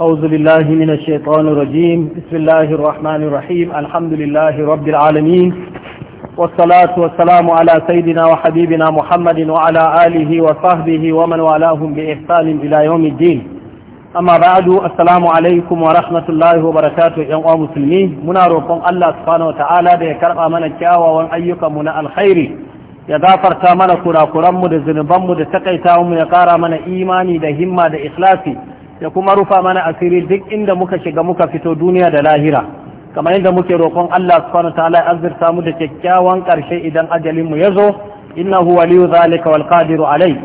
أعوذ بالله من الشيطان الرجيم بسم الله الرحمن الرحيم الحمد لله رب العالمين والصلاة والسلام على سيدنا وحبيبنا محمد وعلى آله وصحبه ومن والاهم بإحسان إلى يوم الدين أما بعد السلام عليكم ورحمة الله وبركاته يا مسلمين منا روكم الله سبحانه وتعالى بكرم من الكاوى وأيكم من الخير ya gafarta mana kurakuranmu da zunubanmu da takaitawanmu ya ƙara mana imani da himma da ikhlasi ya kuma rufa mana asiri duk inda muka shiga muka fito duniya da lahira kamar yadda muke roƙon Allah subhanahu ta'ala ya azurta mu da kyakkyawan ƙarshe idan ajalin mu yazo innahu waliyu zalika wal qadiru alai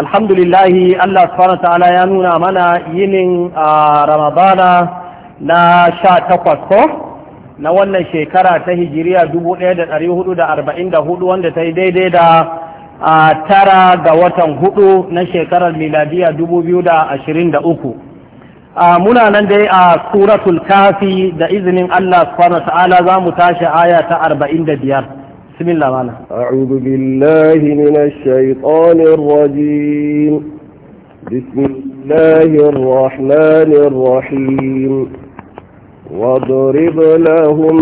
alhamdulillah Allah subhanahu ta'ala ya nuna mana yinin ramadana na sha takwas ko na wannan shekara ta hijiriya dubu ɗaya da hudu da arba'in da hudu wanda ta yi daidai da a tara ga watan hudu na shekarar miladiya uku. muna nan dai a suratul kafi da izinin Allah subhanahu ta'ala za mu tashi aya ta arba'in da biyar بسم الله معنا أعوذ بالله من الشيطان الرجيم بسم الله الرحمن الرحيم واضرب لهم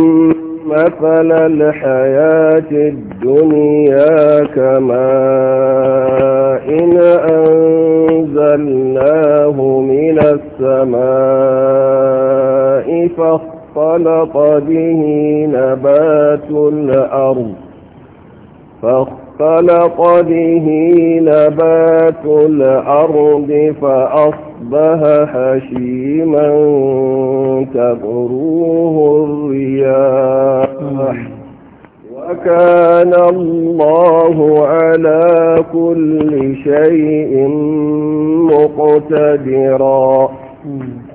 مثل الحياة الدنيا كما إن أنزلناه من السماء فاختلط به نبات الأرض فاختلط به نبات الأرض فأصبح أصبح حشيما تبروه الرياح وكان الله على كل شيء مقتدرا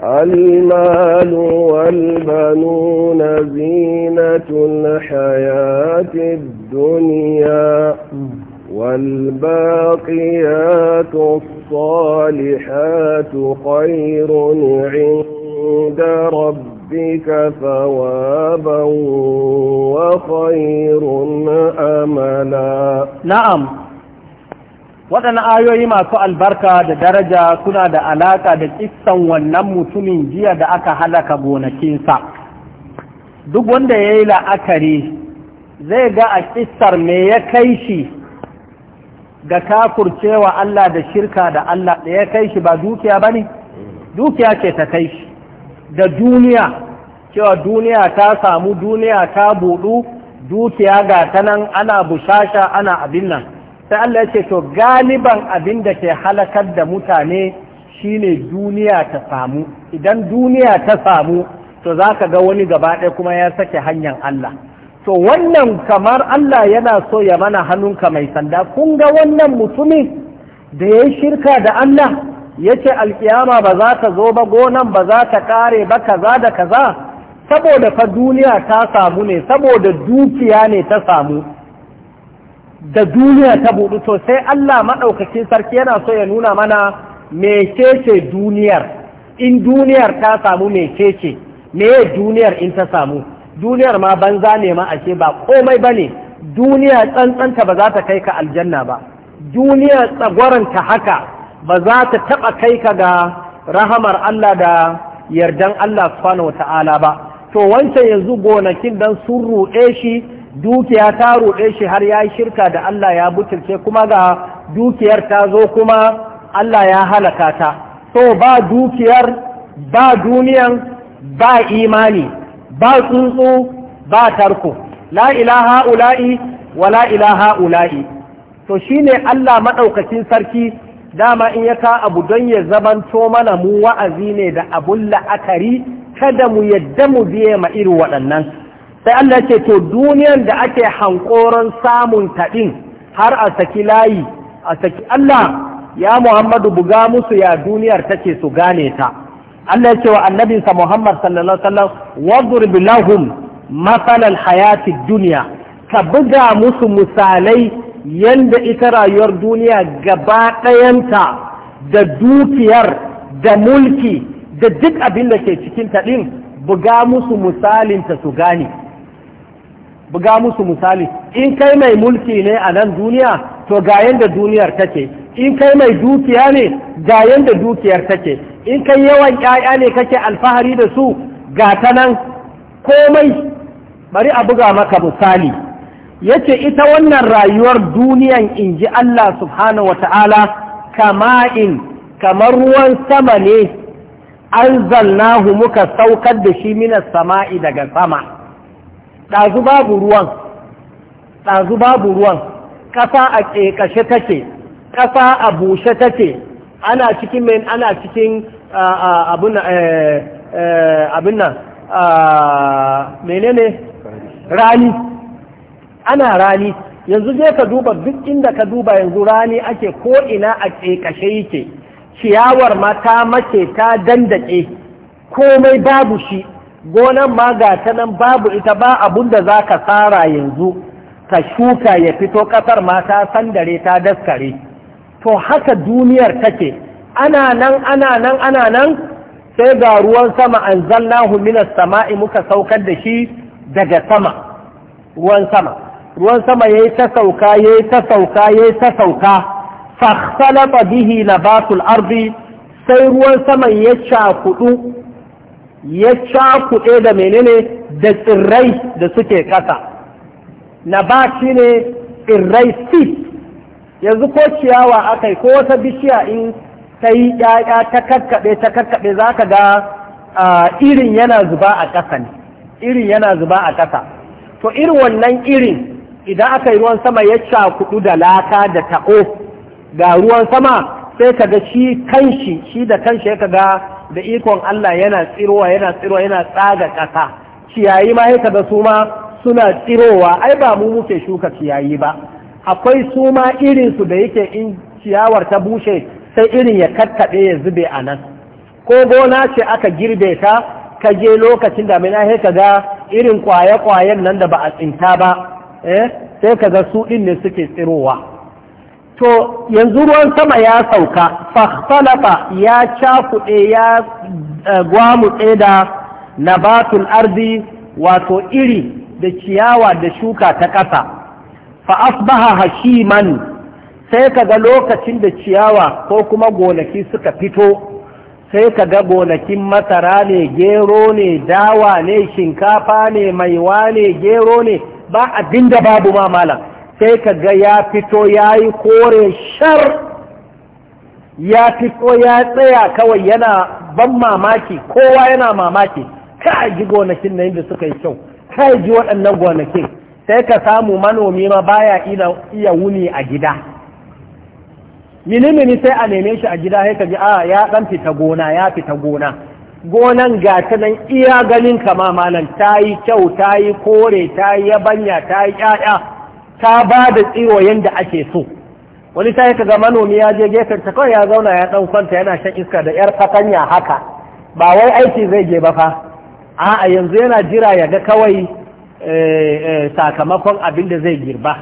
المال والبنون زينة الحياة الدنيا والباقيات الصالحات خير عند ربك ربك ثوابا وخير أملا نعم waɗannan ayoyi masu albarka da daraja suna da alaƙa da kissan wannan mutumin jiya da aka halaka gonakinsa duk wanda ya yi la'akari zai ga a kissar me ya kai shi ga kafurcewa Allah da shirka da Allah da ya kai shi ba dukiya ba ne dukiya ce ta kai shi da duniya cewa duniya ta samu duniya ta buɗu dukiya ga tanan ana bushasha ana abin nan sai Allah ya to galiban abin da ke halakar da mutane shine duniya ta samu idan duniya ta samu to zaka ga wani gaba ɗaya kuma ya sake hanyar Allah to wannan kamar Allah yana so ya mana hannunka mai sanda kun ga wannan mutumin da ya shirka da Allah yace alkiyama ba za ta zo ba gonan ba za ta kare ba kaza da kaza saboda fa duniya ta samu ne saboda dukiya ne ta samu da duniya ta buɗu to sai Allah maɗaukacin sarki yana so ya nuna mana mecece duniyar in duniyar ta samu mecece meye duniyar in ta samu duniyar ma banza ne ma ashe ba komai ba ne duniya tsantsanta ba za ta kai ka aljanna ba duniya tsagwaranta haka ba za ta taɓa kai ka ga rahamar Allah da yardan Allah subhanahu ta'ala ba to wancan yanzu gonakin dan sun ruɗe shi dukiya ta ruɗe shi har ya yi shirka da Allah ya butulce kuma ga dukiyar ta zo kuma Allah ya halaka ta to ba dukiyar ba duniyan ba imani ba tsuntsu ba tarko la ilaha ula'i wa la ilaha ula'i to shine Allah maɗaukacin sarki dama in ya ka abu don ya zamanto mana mu wa'azi ne da abun la'akari kada mu yadda mu biye ma irin waɗannan sai Allah ce to duniyar da ake hankoron samun taɗin har a saki layi a saki Allah ya Muhammadu buga musu ya duniyar take su gane ta Allah ya ce wa annabinsa Muhammad sallallahu alaihi wasallam lahum masalan hayati dunya ka buga musu misalai yanda ita rayuwar duniya gaba ɗayanta da dukiyar da mulki da duk abin da ke cikin taɗin buga musu misalinta su gane buga musu misali in kai mai mulki ne a nan duniya to ga yanda duniyar take in kai mai dukiya ne ga yanda dukiyar take in kai yawan ƴaƴa ne kake alfahari da su ga ta nan komai bari a buga maka misali yace ita wannan rayuwar duniyan in ji Allah subhanahu wata'ala kama'in kamar ruwan sama ne an anzalnahu muka saukar da shi mina sama'i daga sama ɗazu babu ruwan ɗazu babu ruwan ƙasa a ƙeƙashe take ƙasa a bushe take ana cikin mai ana cikin abin eh, eh, nan menene rani ana rani yanzu je ka duba duk inda ka duba yanzu rani ake ko ina a ƙeƙashe yake ciyawar ma ta mace ta dandake komai babu shi gonan ma ga ta nan babu ita ba abun da za ka tsara yanzu ka shuka ya fito ƙasar ma ta sandare ta daskare to haka duniyar take ana nan ana nan ana nan sai ga ruwan sama an zannahu minas sama'i muka saukar da shi daga sama ruwan sama ruwan sama ya yi ta sauka ya yi ta sauka ya yi ta sauka fahsalaba bihi nabatul ardi sai ruwan sama ya cakudu ya cakuɗe da menene da tsirrai da suke ƙasa nabat shi ne tsirrai sit. yanzu ko ciyawa akai ko wata bishiya in ta yi ƴaƴa ta kakkaɓe ta kakkaɓe za ka ga irin yana zuba a ƙasa ne irin yana zuba a ƙasa to irin wannan irin idan aka yi ruwan sama ya cakudu da laka da taɓo ga ruwan sama sai ka ga shi kanshi shi da kanshi ya ga da ikon Allah yana tsirowa yana tsirowa yana tsaga ƙasa ciyayi ma ya ga su ma suna tsirowa ai ba mu muke shuka ciyayi ba akwai su ma irin su da yake in ciyawar ta bushe sai irin ya kakkaɓe ya zube a nan ko gona ce aka girbe ta ka je lokacin na ya ka ga irin kwaye-kwayen nan da ba a tsinta ba sai eh, sai kaga su ɗin ne suke tsirowa to yanzu ruwan sama ya sauka fahtalafa ya cakuɗe ya eh, gwamutse da nabatul ardi wato iri da ciyawa da shuka ta ƙasa fa asbaha hashiman sai kaga lokacin da ciyawa ko kuma gonaki suka fito sai ka ga gonakin masara ne gero ne dawa ne shinkafa ne maiwa ne gero ne ba abin da babu ma malam sai ka ga ya fito ya yi kore shar ya fito ya tsaya kawai yana ban mamaki kowa yana mamaki ka ji gonakin na yadda suka yi kyau ka ji waɗannan gonakin sai ka samu manomi ma baya iya wuni a gida mini-mini sai a neme shi a gida haika ka ji a ah, ya ɗan fita gona ya fita gona gonan gata nan iya ganin kama malam ta yi kyau ta yi kore ta yi yabanya ta yi ƴaƴa ta ba da tsiro yadda ake so wani ta yi kaga manomi ya je gefen ta kawai ya zauna ya ɗan kwanta yana shan iska da ƴar fatanya haka ba wai aiki zai je ba fa a'a yanzu yana jira ya ga kawai eh, eh, sakamakon abin da zai girba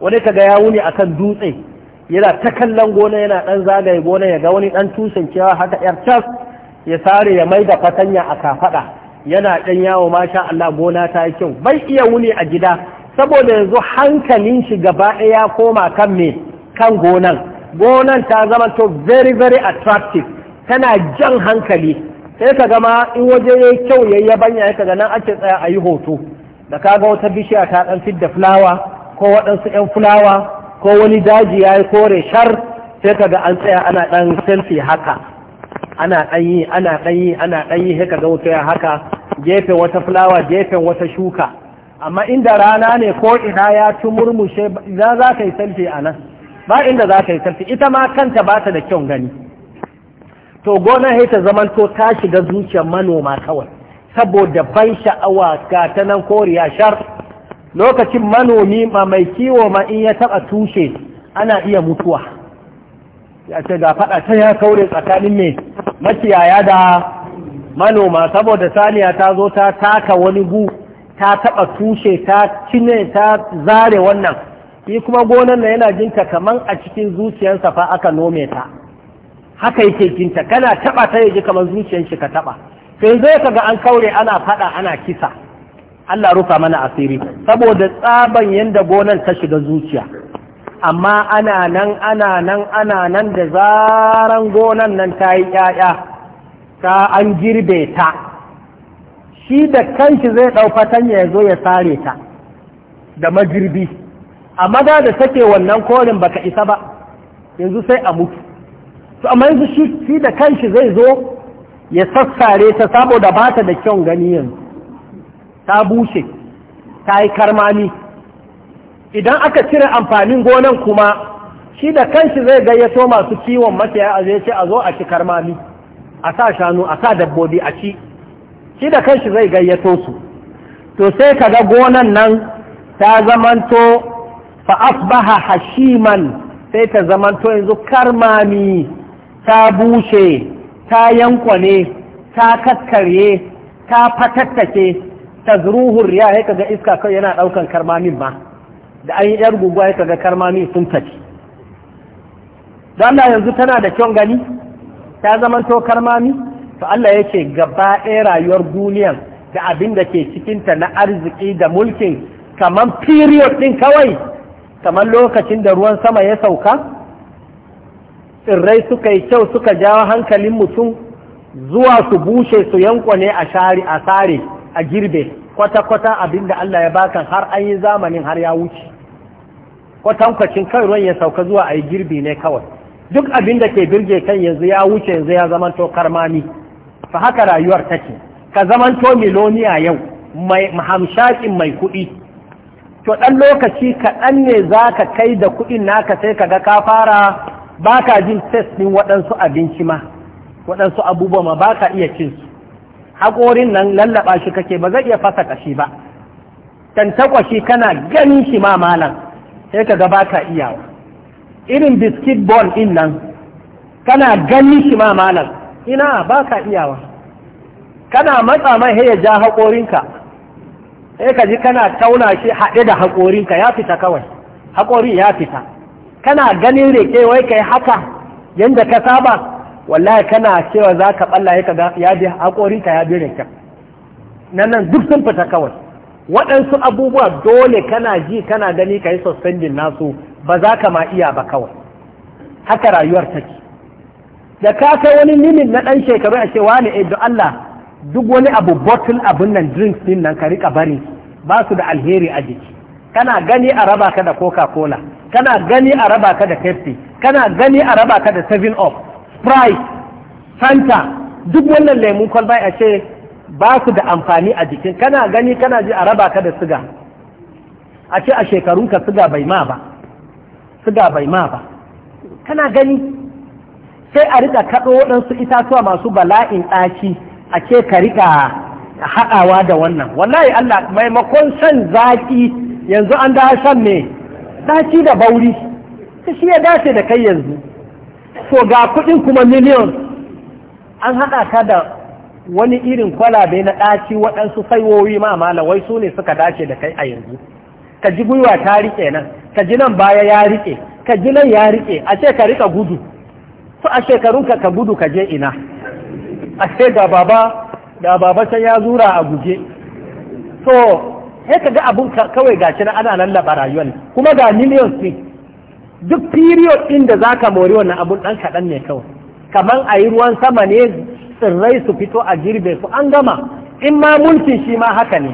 wani ga ya wuni akan dutse yana ta kallon gona yana ɗan zagaye gona ya ga wani ɗan tushen cewa haka ƴar cas ya sare ya mai da fatanya a kafaɗa yana ɗan yawo masha Allah gona ta yi kyau bai iya wuni a gida saboda yanzu hankalin shi gaba ɗaya koma kan me kan gonan gonan ta zama to very very attractive tana jan hankali sai ka ma in waje ya yi kyau ya yabanya ya kaga nan ake tsaya a yi hoto da kaga wata bishiya ta ɗan fidda fulawa ko waɗansu 'yan fulawa ko wani daji ya yi kore shar sai kaga an tsaya ana ɗan selfie haka ana ɗanyi ana ɗanyi ana ɗanyi haka ga wuta haka gefen wata fulawa gefen wata shuka amma inda rana ne ko ina ya ci murmushe za za ka yi salfi a nan ba inda za ka yi salfi ita ma kanta ba ta da kyau gani to gona haita ta zamanto ta shiga zuciyar manoma kawai saboda ban sha'awa ga ta nan koriya shar lokacin manomi ma mai kiwo ma in ya taɓa tushe ana iya mutuwa ya ce ga faɗa ta ya kaure tsakanin mai makiyaya da manoma saboda saniya ta zo ta taka wani gu ta taɓa tushe ta cine ta zare wannan shi kuma gonan na yana jinta kaman a cikin zuciyarsa fa aka nome ta haka yake jinta kana taɓa ta yaji kamar zuciyar shi ka taɓa sai zai kaga an kaure ana faɗa ana kisa Allah rufa mana asiri saboda tsaban yadda gonan ta shiga zuciya amma ana nan ana nan ana nan da zaran gonan nan ta yi ƴaƴa ta an girbe ta shi da kanshi zai ɗau fatanya ya zo ya sare ta da majirbi. amma da da sake wannan kolin baka isa ba yanzu sai a mutu to amma yanzu shi da kanshi zai zo ya sassare ta saboda ba ta da kyan gani yanzu ta bushe ta yi karmami idan aka cire amfanin gonan kuma shi da kanshi zai gayyato masu ciwon masaya a zai ce a zo a ci karmami a sa shanu a sa dabbobi a ci shi da kanshi zai gayyato su to sai kaga gonan nan ta zamanto fa asbaha hashiman sai ta zamanto yanzu karmami ta bushe ta yankwane ta kakkarye ta fatattake ta zuruhur ya ga iska kai yana daukan karmamin ba da an yi yar guguwa ya kaga karmami sun tafi don yanzu tana da kyon gani ta zamanto karmami to Allah ya ce gaba ɗaya rayuwar duniyan da abin da ke cikinta na arziki da mulkin kamar period ɗin kawai kamar lokacin da ruwan sama ya sauka tsirrai suka yi kyau suka jawo hankalin mutum zuwa su bushe su yankwane a shari a sare a girbe kwata-kwata abin da Allah ya baka, har an yi zamanin har ya wuce kwatankwacin kan ruwan ya sauka zuwa a yi girbi ne kawai duk abin da ke birge kan yanzu ya wuce yanzu ya to karmami fa haka rayuwar take ka zamanto miloniya yau mai hamshakin mai kuɗi to ɗan lokaci kaɗan ne za ka kai da kuɗin naka sai ka ga ka fara baka jin test ɗin waɗansu abinci ma waɗansu abubuwa ma baka iya cin su haƙorin nan lallaɓa shi kake ba zai iya fasa ƙashi ba tantakwashi kana ganin shi ma malam sai ka gaba ka iyawa irin biskit bon in nan kana gani shi ma malam ina ba ka iyawa kana matsa mai ya ja haƙorinka sai ka ji kana tauna shi haɗe da haƙorinka ya fita kawai haƙorin ya fita kana ganin reke wai kai haka yadda ka saba wallahi kana cewa za ka ɓalla ya ga ya bi haƙorinka ya bi reken nan nan duk sun fita kawai waɗansu abubuwa dole kana ji kana gani ka yi suspendin nasu ba za ka ma iya ba kawai haka rayuwar take da ka kai wani limin na ɗan shekaru a cewa ne eh Allah duk wani abu bottle abun nan drinks din nan ka rika bari ba su da alheri a jiki kana gani a raba ka da coca cola kana gani a raba ka da pepsi kana gani a raba ka da seven up sprite fanta duk wannan lemun kwalba a ce ba su da amfani a jikin kana gani kana ji a raba ka da siga a ce a shekarunka siga bai ma ba siga bai ma ba kana gani sai a rika kaɗo waɗansu itatuwa masu bala'in ɗaki a ce ka rika haɗawa da wannan wallahi Allah maimakon shan zaƙi yanzu an da shan ne ɗaki da bauri ta shi ya dace da kai yanzu to ga kuɗin kuma miliyon an haɗa ka da wani irin kwalabe na ɗaci waɗansu saiwowi ma malawai su ne suka dace da kai a yanzu ka ji gwiwa ta riƙe nan ka ji nan baya ya riƙe ka ji nan ya riƙe a ce ka riƙa gudu su a shekarunka ka gudu ka je ina a ce ga baba Da baba sai ya zura a guje so sai ka ga abun kawai gashi na ana lallaba rayuwar kuma ga miliyan su duk period ɗin da zaka mori wannan abun ɗan kaɗan ne kawai kamar a yi ruwan sama ne tsirrai su fito a girbe su an gama in ma mulkin shi ma haka ne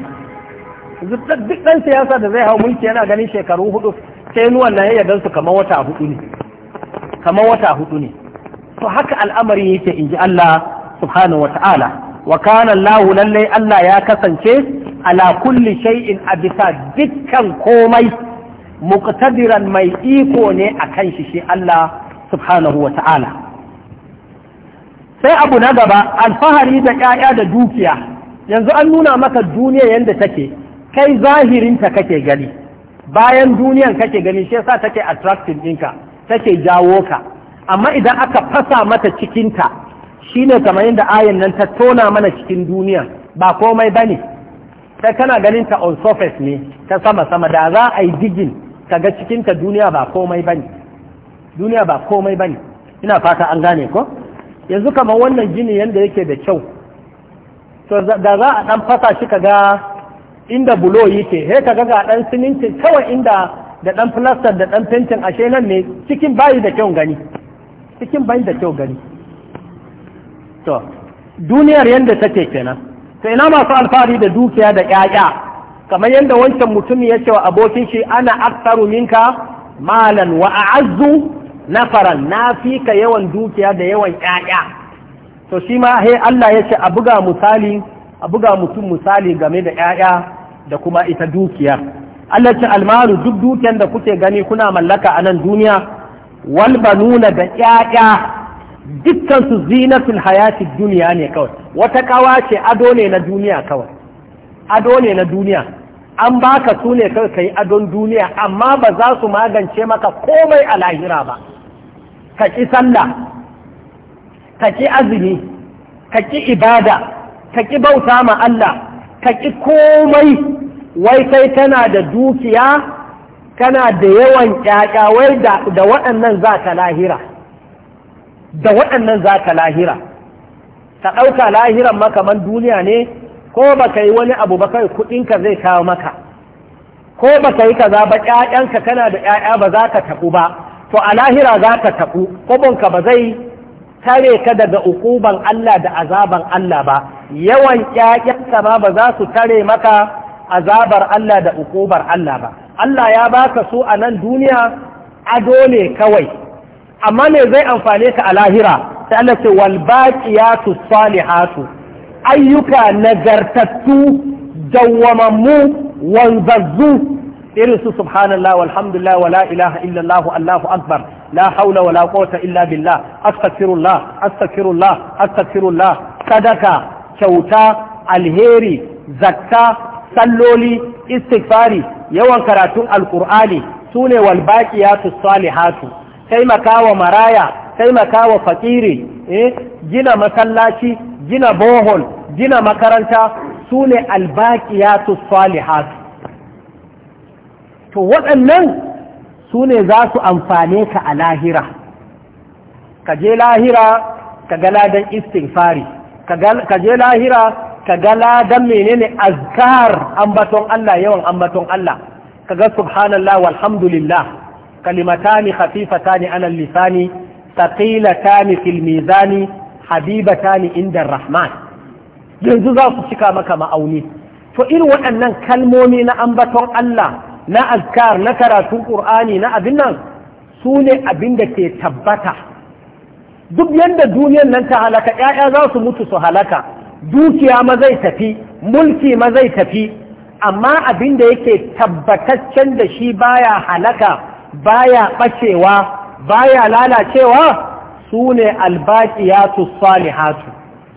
duk ɗan siyasa da zai hau mulki yana ganin shekaru hudu sai nuwan na yayyadar su kamar wata hudu ne kamar wata hudu ne to haka al'amari yake inji Allah subhanahu wata'ala wa kana Allah lallai Allah ya kasance ala kulli shay'in a bisa dukkan komai muktadiran mai iko ne akan shi shi Allah subhanahu wata'ala sai abu na gaba alfahari da ƴaƴa da dukiya yanzu an nuna maka duniya yadda take kai zahirinta kake gani bayan duniyan kake gani shi yasa take attractive ɗinka take jawo ka amma idan aka fasa mata cikinta shine kamar yadda ayan nan ta tona mana cikin duniya ba komai bane sai kana ganin ta on surface ne ta sama sama da za a yi digin kaga cikinta duniya ba komai bane duniya ba komai bane ina fata an gane ko yanzu kamar wannan gini yadda yake da kyau to da za a ɗan fasa shi kaga inda bulo yake he kaga ga ɗan siminti kawai inda da ɗan filastar da ɗan fentin ashe nan ne cikin bayi da kyau gani cikin bayi da kyau gani to duniyar yadda take kenan to ina masu alfahari da dukiya da ƴaƴa kamar yadda wancan mutum ya ce wa abokin shi ana aktaru minka malan wa a'azzu nafaran na fi ka yawan dukiya da yawan ƴaƴa to shi ma he Allah ya ce a buga misali a buga mutum misali game da ƴaƴa da kuma ita dukiya Allah ce almalu duk dukiyan da kuke gani kuna mallaka a nan duniya wal banuna da ƴaƴa dukkan su zinatul hayati duniya ne kawai wata kawa ce ado ne na duniya kawai ado ne na duniya an baka su ne kai kai adon duniya amma ba za su magance maka komai a lahira ba ka ki sallah ka ki azumi ka ki ibada ka ki bauta ma Allah ka ki komai wai sai tana da dukiya kana da yawan kyakkyawai da waɗannan za ka lahira da waɗannan za ka lahira ka ɗauka lahiran makaman duniya ne ko ba ka yi wani abu ba kai kuɗinka zai kawo maka ko ba ka yi kaza ba ƴaƴanka kana da ƴaƴa ba za ka taɓu ba to a lahira za ka taɓu kwabonka ba zai tare ka daga ukuban Allah da azaban Allah ba yawan ƴaƴanka ma ba za su tare maka azabar Allah da ukubar Allah ba Allah ya baka su a nan duniya ado ne kawai amma me zai amfane ka a lahira sai Allah ce wal baqiyatu salihatu ayyuka nagartattu dawwamammu wanzazzu irin su subhanallah walhamdulillah wala ilaha illallah allahu akbar la haula wala quwwata illa billah astaghfirullah astaghfirullah astaghfirullah sadaka kyauta alheri zakka salloli istighfari yawan karatun alqur'ani sune wal baqiyatu salihatu taimakawa maraya taimakawa fakiri eh gina masallaci gina bohol gina makaranta su ne albaqiyatu salihat to waɗannan su ne za su amfane ka a lahira ka je lahira ka ga ladan istighfari ka je lahira ka ga ladan menene azkar ambaton Allah yawan ambaton Allah ka ga subhanallah walhamdulillah kalimatani khafifatani anan lisani thaqilatani fil mizani habibatani inda rahman yanzu za su cika maka ma'auni to irin waɗannan kalmomi na ambaton Allah na azkar na karatun ƙur'ani na abin nan su ne abin da ke tabbata duk yadda duniyar nan ta halaka ‘ya'ya za su mutu su halaka dukiya ma zai tafi mulki ma zai tafi amma abin da yake tabbataccen da shi baya halaka baya ɓacewa baya lalacewa su ne albaqiyatu salihatu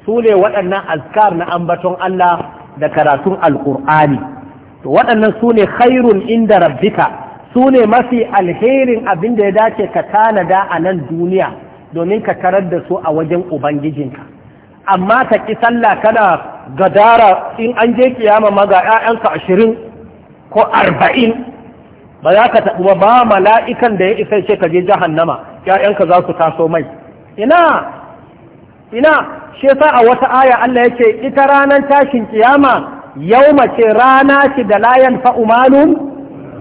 su ne waɗannan azkar na ambaton Allah da karatun alqur'ani to waɗannan su ne khairun inda rabbika su ne mafi alherin abin da ya dace ka tanada a nan duniya domin ka tarar da su a wajen ubangijinka amma ka ki sallah kana gadara in an je kiyama maga ka ashirin ko arba'in ba za ka taɓa ba mala'ikan da ya isa ce ka je jahannama ‘ya'yanka za su taso mai ina ina shi yasa a wata aya Allah yake ita ranar tashin kiyama yauma ce rana ce da layan fa'umanun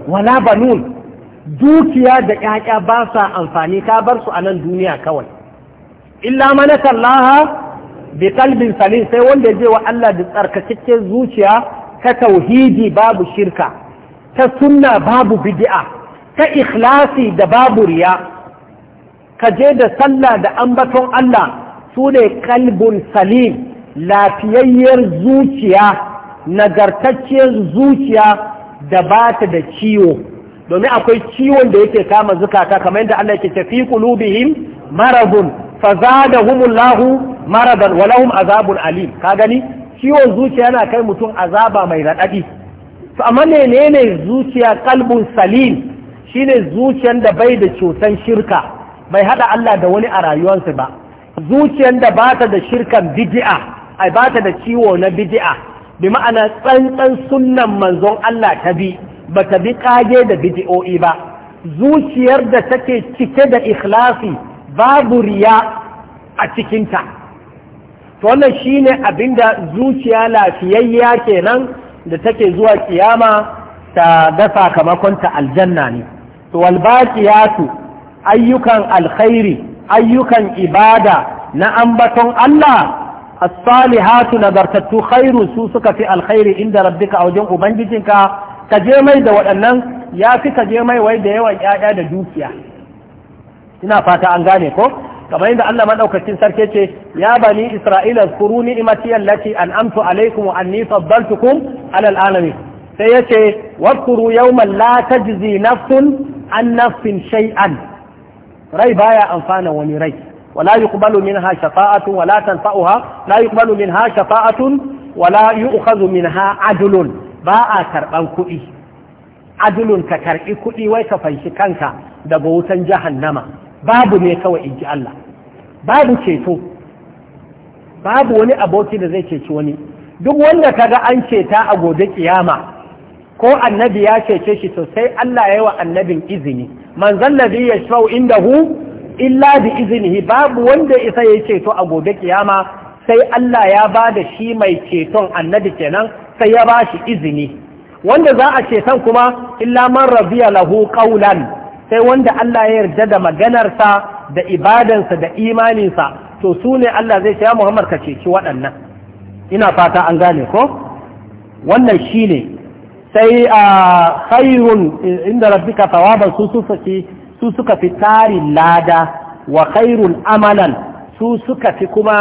wala banun dukiya da ƴaƴa ba sa amfani ka bar su a nan duniya kawai illa manaka Allah bi qalbin salim sai wanda ya je wa Allah da tsarkakakken zuciya ta tauhidi babu shirka ta sunna babu bid'a ta ikhlasi da babu riya ka je da sallah da ambaton Allah su ne kalbun salim lafiyayyar zuciya nagartacciyar zuciya da ba ta da ciwo domin akwai ciwon da yake kama zukata kamar yadda Allah yake tafi qulubihim maradun fazadahumullahu maradan walahum azabun alim ka gani ciwon zuciya yana kai mutum azaba mai raɗaɗi to amma menene zuciya kalbun salim shine zuciyar da bai da cutan shirka bai hada Allah da wani a rayuwarsa ba zuciyar da bata da shirkan bid'a ai bata da ciwo na bidi'a bi ma'ana tsantsan sunnan manzon Allah ta bi bata bi kage da bid'o'i ba zuciyar da take cike da ikhlasi babu riya a cikinta to wannan shine abinda zuciya lafiyayya kenan da take zuwa kiyama ta ga sakamakonta aljanna ne to wal baqiyatu ayyukan alkhairi ayyukan ibada na ambaton Allah as-salihatu nagartattu khairu su suka fi alkhairi inda rabbika a wajen ubangijinka ka je mai da waɗannan ya fi ka je mai wai da yawan ƴaƴa da dukiya ina fata an gane ko kamar yadda Allah madaukakin sarki ce ya bani isra'ila kuru ni'mati allati an'amtu alaykum wa anni faddaltukum 'ala al sai yace wakuru kuru yawman la tajzi nafsun an nafsin shay'an rai baya amfana wani rai wala yuqbalu minha shafa'atun wala tanfa'uha la yuqbalu minha shafa'atun wala yu'khadhu minha adlun ba a karban kuɗi adlun ka karbi kuɗi wai ka fanshi kanka daga wutan jahannama babu ne kawai inji Allah babu ceto babu wani aboki da zai ceci wani duk wanda kaga an ceta a gobe kiyama ko annabi ya cece shi to sai Allah ya yi wa annabin izini man zallabi ya shafau inda hu illa bi izini babu wanda isa ya ceto a gobe kiyama sai Allah ya ba da shi mai ceton annabi kenan sai ya ba shi izini wanda za a ceton kuma illa man rabiya lahu qawlan sai wanda Allah ya yarda da maganarsa da ibadansa da imaninsa to su ne Allah zai ce ya Muhammad ka ceci waɗannan ina fata an gane ko wannan shine sai a khairun inda rabbika tawaban su suka fi su suka fi tarin lada wa khairul amalan su suka fi kuma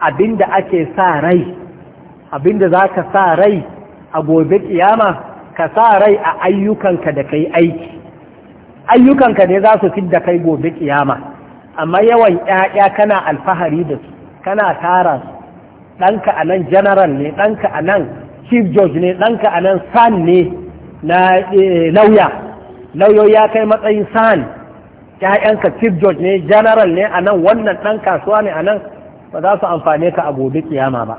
abinda ake sa rai abinda zaka sa rai a gobe kiyama ka sa rai a ayyukanka da kai aiki ayyukanka ne za su fi da kai gobe kiyama amma yawan 'ya'ya kana alfahari da su kana tara su ɗanka a nan general ne ɗanka a nan chief judge ne ɗanka a nan san ne na eh, lauya lauyo ya kai matsayin san ƴaƴanka chief judge ne general ne a nan wannan ɗan kasuwa ne a nan ba za su amfane ka a gobe kiyama ba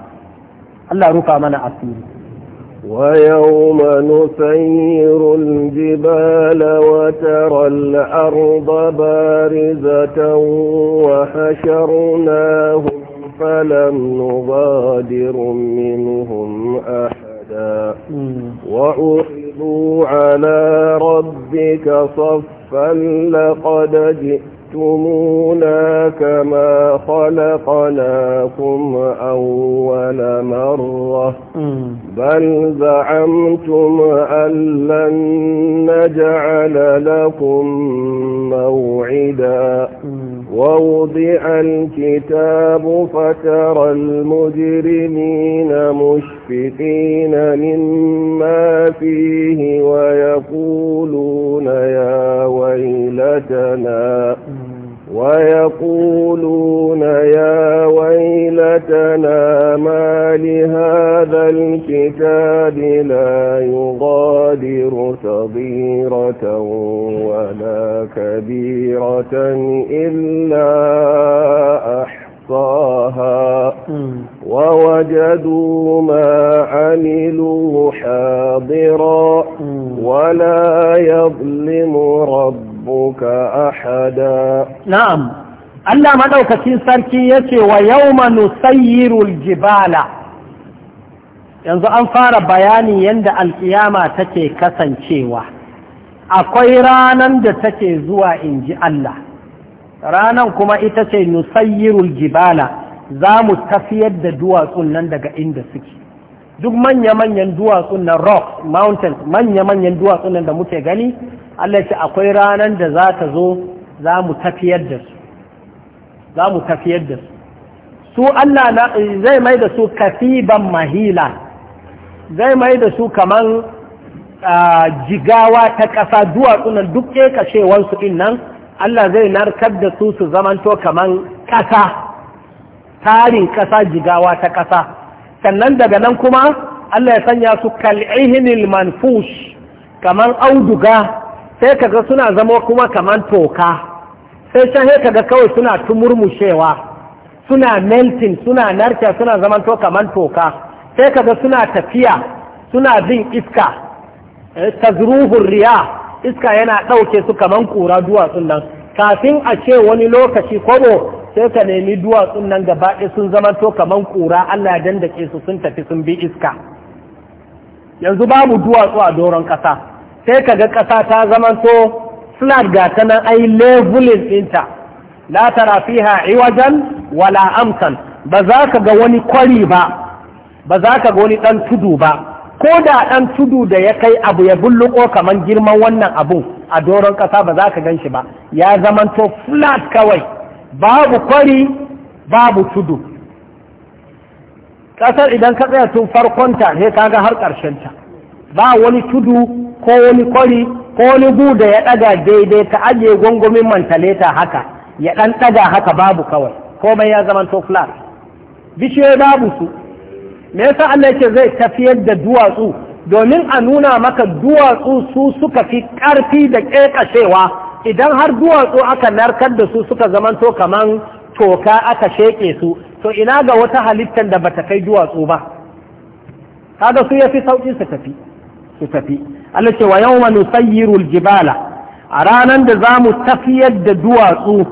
Allah rufa mana asiri ويوم نسير الجبال وترى الأرض بارزة وحشرناهم فلم نغادر منهم أحدا وأعرضوا على ربك صفا لقد جئتمونا كما خلقناكم أول مرة بل زعمتم أن لن نجعل لكم موعدا ووضع الكتاب فترى المجرمين مشفقين مما فيه ويقولون يا ويلتنا ويقولون يا ويلتنا ما لهذا الكتاب لا يغادر صغيرة ولا كبيرة إلا أحصاها ووجدوا ما عملوا حاضرا ولا يظلم رب Na'am, Allah na'am sarki madaukakin sarki yace wa yawma yanzu an fara bayani yadda alkiyama take kasancewa akwai ranan da take zuwa inji Allah ranan kuma ita ce nusayyirul jibala zamu tafiyar da duwatsun nan daga inda suke duk manya-manyan duwatsun na rock mountain manya-manyan duwatsun nan da muke gani Allah ce akwai ranar da za ta zo za mu tafiyar da su za mu tafiyar da su su Allah na zai mai da su kafiban mahila zai mai da su kaman jigawa ta ƙasa duwatsun nan duk ƙeƙashewansu ɗin nan Allah zai narkar da su su zamanto kaman ƙasa tarin ƙasa jigawa ta ƙasa sannan daga nan kuma Allah ya sanya su kal'ihinil manfush kamar auduga sai kaga suna zama kuma kamar toka sai can sai kaga kawai suna tumurmushewa suna melting suna narke suna zaman to kamar toka sai kaga suna tafiya suna bin iska eh, tazruhur riya iska yana ɗauke su kaman kura duwatsun nan kafin a ce wani lokaci kwabo sai ka nemi duwatsun nan gaba sun zama to kaman ƙura Allah ya dandake su sun tafi sun bi iska yanzu babu duwatsu a doron ƙasa sai ka ga ƙasa ta zama to flat ga ta nan ai levelin ɗinta la tara fiha iwajan wala amsan ba za ka ga wani kwari ba ba za ka ga wani ɗan tudu ba ko da ɗan tudu da ya kai abu ya bulluko kamar girman wannan abun a doron ƙasa ba za ka gan shi ba ya zamanto flat kawai babu kwari babu tudu ƙasar idan ka tsaya tun farkonta ne ka ga har ta, ba wani tudu ko wani kwari ko wani gu ya ɗaga daidai ta ajiye gwangwamin mantaleta haka ya ɗan ɗaga haka babu kawai komai ya zamanto flat bishiyoyi babu su me yasa Allah yake zai tafiyar da duwatsu domin a nuna maka duwatsu su suka fi ƙarfi da ƙeƙashewa idan har duwatsu aka narkar da su suka zamanto kaman toka aka sheƙe su to ina ga wata halittar da bata kai duwatsu ba kaga su yafi sauƙi su tafi su tafi Allah ce wa yawma nusayyirul jibala a ranar da za mu tafiyar da duwatsu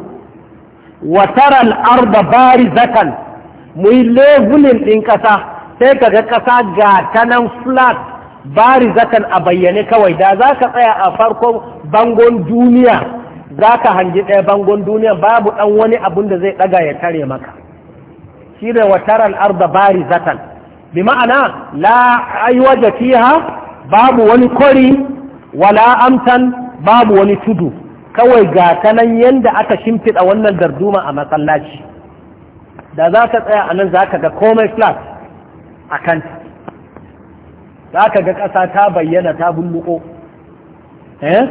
wa taral arda barizatan mu yi lebulin ɗin ƙasa sai ka ga ƙasa ga tanan nan flat bari zakan a bayyane kawai da za ka tsaya a farkon bangon duniya za ka hangi ɗaya bangon duniya babu ɗan wani abun da zai ɗaga ya tare maka shi ne wataran arda bari zakan bi ma'ana la da fiha babu wani kori wala amtan babu wani tudu kawai ga ta nan yadda aka shimfiɗa wannan darduma a masallaci da za ka tsaya a nan za ka ga komai flat a kanta za ka ga ƙasa ta bayyana ta bulluko eh?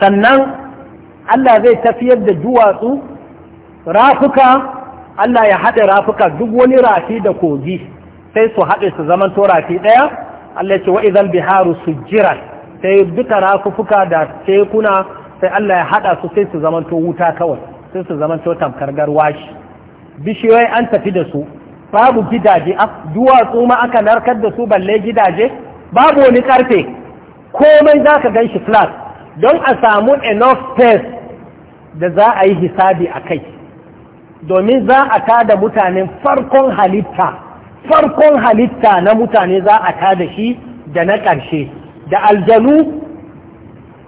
sannan Allah zai tafiyar da duwatsu rafuka Allah ya haɗe rafuka duk wani rafi da kogi sai su haɗe su zaman to rafi ɗaya Allah ce wa'izal biharu su jira sai duka rafuka da tekuna sai Allah ya haɗa su sai su zaman to wuta kawai sai su zaman to tamkar garwashi bishiyoyi an tafi da su babu gidaje duwatsu ma aka narkar da su balle gidaje babu wani karfe komai za ka gan shi flat don a samu enough space da za a yi hisabi a kai domin za a ta da mutanen farkon halitta farkon halitta na mutane za a tada shi da na ƙarshe da aljanu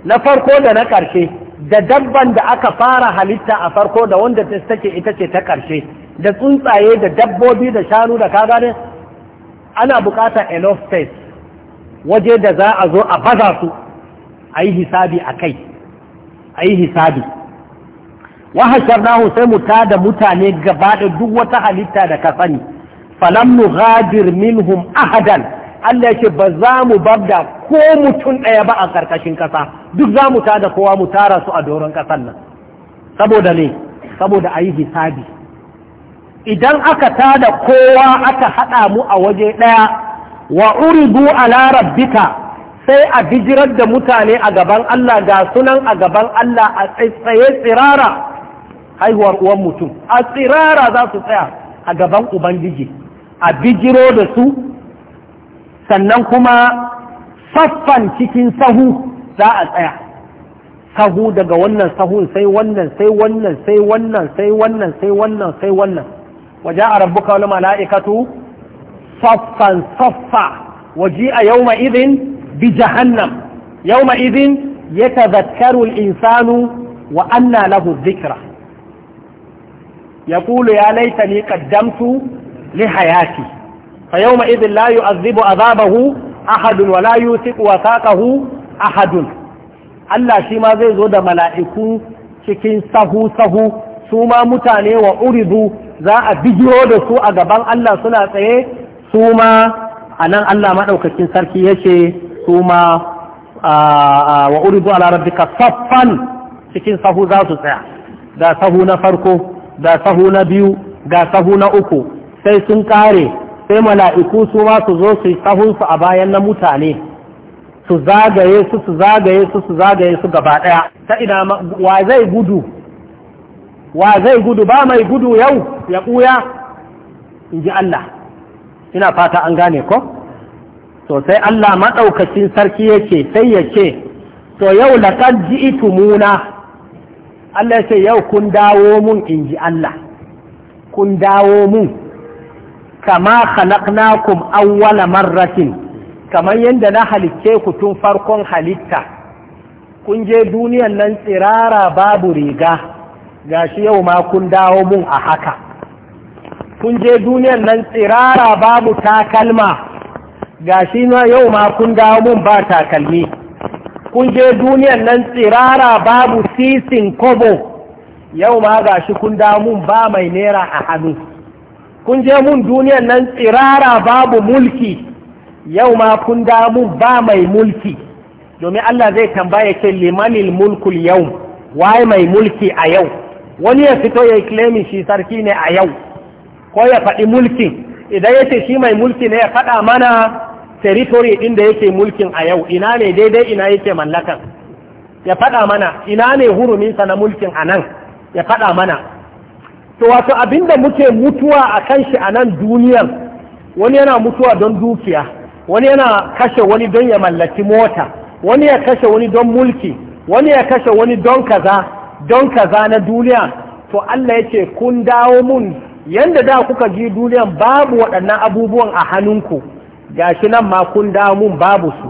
na farko da na ƙarshe da dabban da aka fara halitta a farko da wanda ta take ita ce ta ƙarshe da tsuntsaye da dabbobi da shanu da kagane ana bukata enough space waje da za a zo a baza su a yi hisabi a kai a yi hisabi wahashar nahu sai mu tada mutane gaba da duk wata halitta da ka sani falam nu gadir minhum ahadan Allah ce ba za mu babda ko mutum ɗaya ba a ƙarƙashin ƙasa duk za mu tada kowa mu tara su a doron ƙasar nan saboda ne saboda a yi hisabi idan aka tada kowa aka haɗa mu a waje ɗaya wa uridu ala rabbika sai a bijirar da mutane a gaban Allah ga sunan a gaban Allah a tsaye tsirara haihuwar uwan mutum a tsirara za su tsaya a gaban ubangiji a bijiro da su sannan kuma saffan cikin sahu za a tsaya sahu daga wannan sahun sai wannan sai wannan sai wannan sai wannan sai wannan sai wannan waje a rabbuka wani mala'ikatu صفا صفا وجيء يومئذ بجهنم يومئذ يتذكر الإنسان وأنى له الذكرى يقول يا ليتني قدمت لحياتي فيومئذ لا يعذب عذابه أحد ولا يوثق وثاقه أحد Allah shi ma zai zo da mala'iku cikin sahu-sahu su ma mutane wa uridu za a bigiyo da su a gaban Allah suna tsaye su ma a nan Allah maɗaukakin sarki ya ce su ma wa uridu ala rabbika saffan cikin sahu za su tsaya ga sahu na farko ga sahu na biyu ga sahu na uku sai sun ƙare sai mala'iku su ma su zo su yi sahunsu a bayan na mutane su zagaye su su zagaye su su zagaye su gaba ɗaya ta ina wa zai gudu wa zai gudu ba mai gudu yau ya ɓuya in ji Allah ina fata an gane ko to sai Allah maɗaukacin sarki yake sai ya ce to yau laqad muna Allah ya yau kun dawo mun in ji Allah kun dawo mun kama khalaqnakum awwala marratin kamar yadda na halicce ku tun farkon halitta kun je duniyan nan tsirara babu riga gashi yau ma kun dawo mun a haka kun je duniyan nan tsirara babu takalma ga shi na yau ma kun dawo mun ba takalmi kun je duniyan nan tsirara babu sisin kobo yau ma ga shi kun dawo mun ba mai nera a hannu kun je mun duniyan nan tsirara babu mulki yau ma kun dawo mun ba mai mulki domin Allah zai tambaye ce limanil mulkul yau waye mai mulki a yau wani ya fito ya yi shi sarki ne a yau ko ya faɗi mulkin idan ya ce shi mai mulki ne ya faɗa mana teritori ɗin da yake mulkin a yau ina ne daidai ina yake mallakan ya faɗa mana ina ne huruminsa na mulkin a nan ya faɗa mana to wato abinda muke mutuwa a kan shi a nan duniyar wani yana mutuwa don dukiya wani yana kashe wani don ya mallaki mota wani ya kashe wani don mulki wani ya kashe wani don kaza don kaza na duniya to Allah ya ce kun dawo mun yanda da kuka ji duniyan babu waɗannan abubuwan a hannunku gashi nan ma kun damun babu su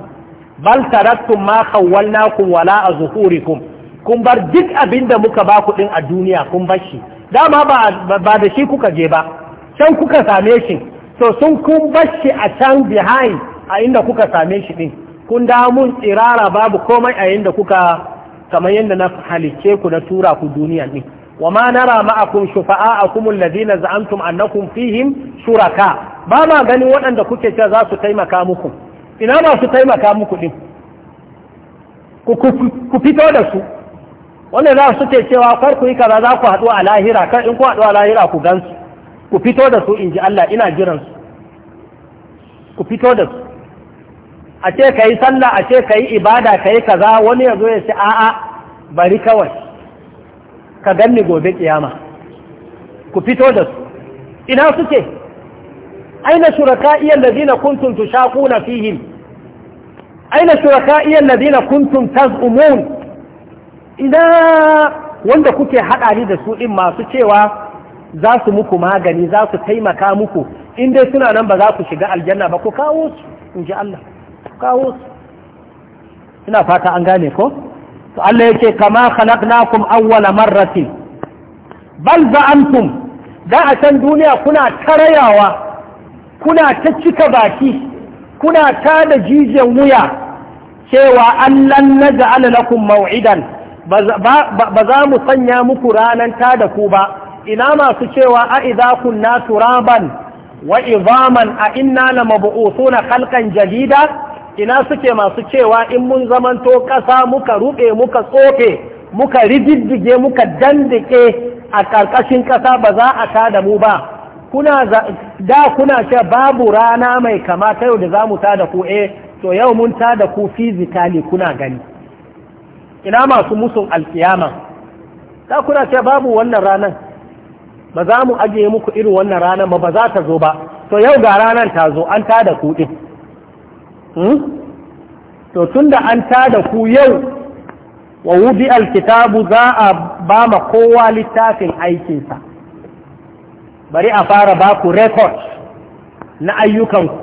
bal taraktum ma khawwalnakum wala azhurikum kun bar duk abin da muka ba kuɗin a duniya kun bar shi dama ba da shi kuka je ba can kuka same shi to sun kun bar shi a can behind a inda kuka same shi ɗin. kun damun tsirara babu komai a yanda kuka kamar yadda na halicce ku na tura ku duniya din وما نرى معكم شفعاءكم الذين زعمتم ma فيهم شركاء ما ما za su taimaka muku, ina ba su taimaka muku din? ku fito da su wanda za su ce cewa kar ku yi kaza za ku haɗu a lahira kar in ku haɗu a lahira ku gan su ku fito da su in ji Allah ina jiran su ku fito da su a ce ka yi sallah a ce ka yi ibada ka yi kaza wani ya zo ya ce a'a bari kawai ka ganni gobe kiyama ku fito da su ina suke aina shuraka'iyyar ladina kuntum tushaquna fihim aina shuraka'iyyar ladina kuntum tazumun ina wanda kuke hada ni da su din masu cewa za su muku magani za su taimaka muku in dai suna nan ba za ku shiga aljanna ba ku kawo su in ji Allah ku kawo su ina fata an gane ko to Allah yake kama khalaqnakum awwala marratin bal za'antum da a can duniya kuna tarayawa kuna ta cika baki kuna ta da jijiyan wuya cewa allan naj'ala lakum maw'idan ba za mu sanya muku ranan ta da ku ba ina masu cewa a idza kunna turaban wa idhaman a inna na khalqan jadida ina suke masu cewa in mun zamanto ƙasa muka ruɓe muka tsofe muka rididdige muka dandike a ƙarƙashin ƙasa ba za a ta da mu ba kuna da kuna ce babu rana mai kama ta yau da za mu ta da ku eh to yau mun ta da ku fizikali kuna gani ina masu musun alkiyama da kuna ce babu wannan ranar? ba za mu ajiye muku irin wannan ranar? ba ba za ta zo ba to yau ga ranar ta zo an ta da ku ɗin Hmm? to tunda an da ku yau wa wudi alkitabu za a ba ma kowa littafin aikinsa bari a fara ba ku rekod na ayyukanku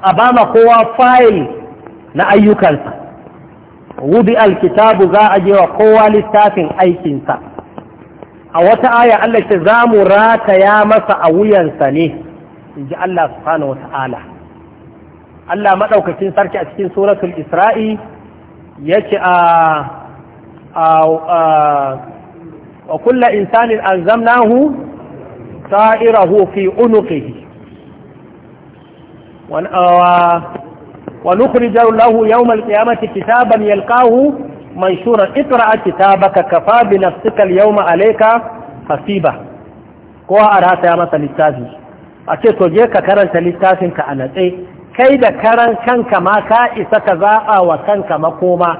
a ba ma kowa fayil na ayyukansa wudi alkitabu za a je wa kowa littafin aikinsa a wata aya Allah ce za mu rataya masa a wuyansa ne in ji Allah subhanahu wa ta'ala Allah maɗaukacin sarki a cikin suratul Isra'i ya ce a wa kulla insanin alzamnahu sa'irahu fi unuqihi wa nukhrijahu lahu yawm al-qiyamati kitaban yalƙahu manshura iqra kitabaka kafa bi nafsika al-yawma alayka hasiba ko a rata masa littafi a ce to je ka karanta littafin ka a natse kai da karan kanka ma ka isa ka zaɓa wa kanka makoma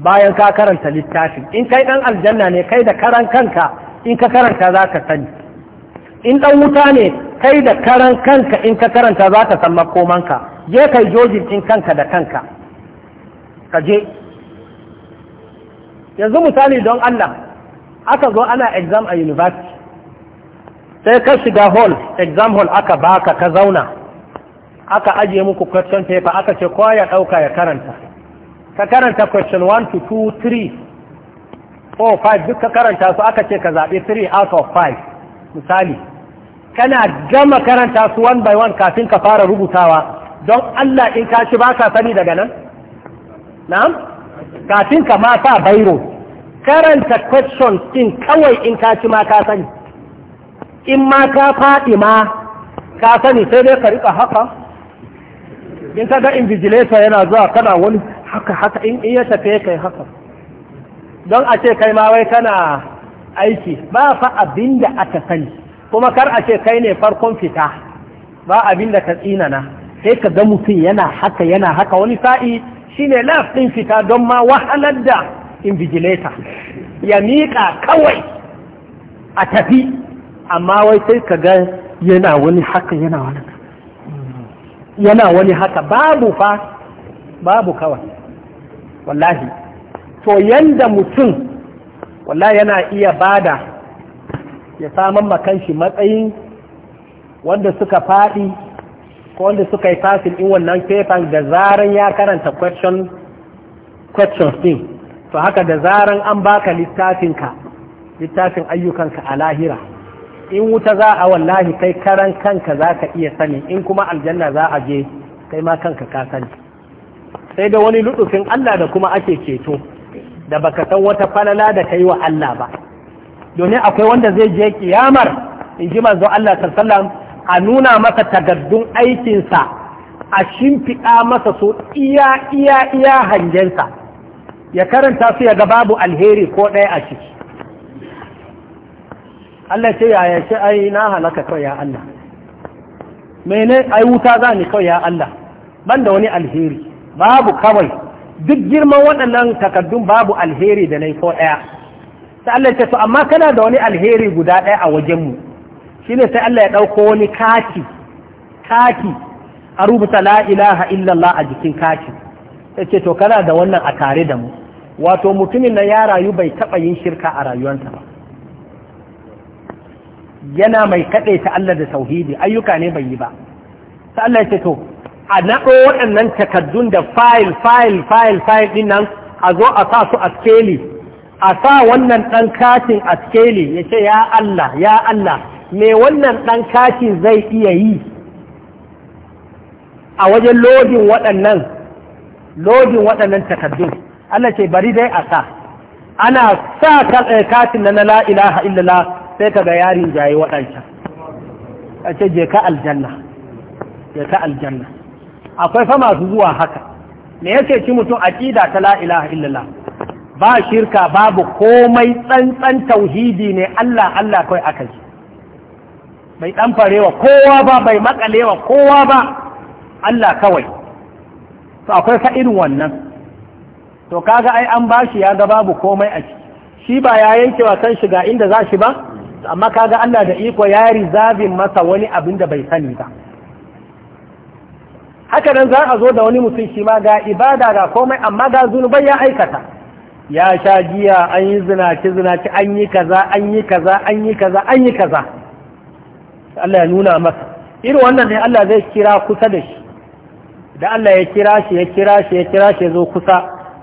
bayan ka karanta littafin in kai ɗan aljanna ne kai da karan kanka in ka karanta za ka sani in ɗan wuta ne kai da karan kanka in ka karanta za ka san makomanka je kai jojin in kanka da kanka ka je yanzu misali don Allah aka zo ana exam a university sai ka shiga hall exam hall aka baka ka zauna aka ajiye muku question paper aka ce kowa ya ɗauka ya karanta ka karanta question 1 to 2 3 4 5 duk ka karanta su aka ce ka zaɓi 3 out of 5 misali kana gama karanta su one by one kafin ka fara rubutawa don Allah in ka ci ba ka sani daga nan na'am kafin ka ma sa bairo karanta questions din kawai in ka ci ma ka sani in ma ka faɗi ma ka sani sai dai ka riƙa haka in ka ga invigilator yana zuwa kana wani haka haka in iya tafe kai haka don a ce kai ma wai kana aiki ba fa abin da aka sani kuma kar a ce kai ne farkon fita ba abin da ka tsinana sai ka ga mutum yana haka yana haka wani sa'i shine laf ɗin fita don ma wahalar da invigilator ya miƙa kawai a tafi amma wai sai ka ga yana wani haka yana wani yana wani haka babu fa babu kawai wallahi to yanda mutum wallahi yana iya bada ya saman makanshi matsayin wanda suka faɗi ko wanda suka yi fasil in wannan fefan da zaran ya karanta question question din to haka da zaran an baka littafinka littafin ayyukanka a lahira in wuta za a wallahi kai karan kanka za ka iya sani in kuma aljanna za a je kai ma kanka ka sani sai da wani ludufin Allah da kuma ake ceto da baka san wata falala da kai wa Allah ba domin akwai wanda zai je kiyamar in ji manzo Allah sallallahu a nuna masa tagaddun aikinsa a shimfiɗa masa so iya iya iya hangensa ya karanta su ya ga babu alheri ko ɗaya a ciki Allah ce yaya ce ai na halaka kawai ya Allah mene ai wuta za ni kawai ya Allah banda wani alheri babu kawai duk girman waɗannan takardun babu alheri da nai ko ɗaya sai Allah ce to amma kana da wani alheri guda ɗaya a wajen mu shine sai Allah ya ɗauko wani kati kati a rubuta la ilaha illallah a jikin kati yace ce to kana da wannan a tare da mu wato mutumin nan ya rayu bai taɓa yin shirka a rayuwarsa ba yana mai kaɗe ta Allah da tauhidi ayyuka ne bai yi ba ta Allah ce to a naɗo waɗannan takardun da fayil fayil fayil fayil ɗin nan a zo a sa su a skeli a sa wannan ɗan katin a skeli ya ce ya Allah ya Allah me wannan ɗan katin zai iya yi a wajen lodin waɗannan lodin waɗannan takardun? Allah ce bari dai a sa ana sa eh, katin na la ilaha illallah sai ka ga yarin jaye waɗancan a ce je ka aljanna je ka aljanna akwai fa masu zuwa haka me yake ci mutum aqida ta la ilaha illallah ba shirka babu komai tsantsan tauhidi ne Allah Allah kai aka ji bai dan farewa kowa ba bai makalewa kowa ba Allah kawai to akwai fa irin wannan to kaga ai an bashi ya ga babu komai a ciki shi ba ya yanke wa shiga inda za shi ba amma kaga Allah da iko ya rizabin masa wani abin da bai sani ba haka nan za a zo da wani mutum shi ma ga ibada ga komai amma ga zunubai ya aikata ya sha giya an yi zinaci zinaci an yi kaza an yi kaza an yi kaza an yi kaza Allah ya nuna masa irin wannan ne Allah zai kira kusa da shi da Allah ya kira shi ya kira shi ya kira shi ya zo kusa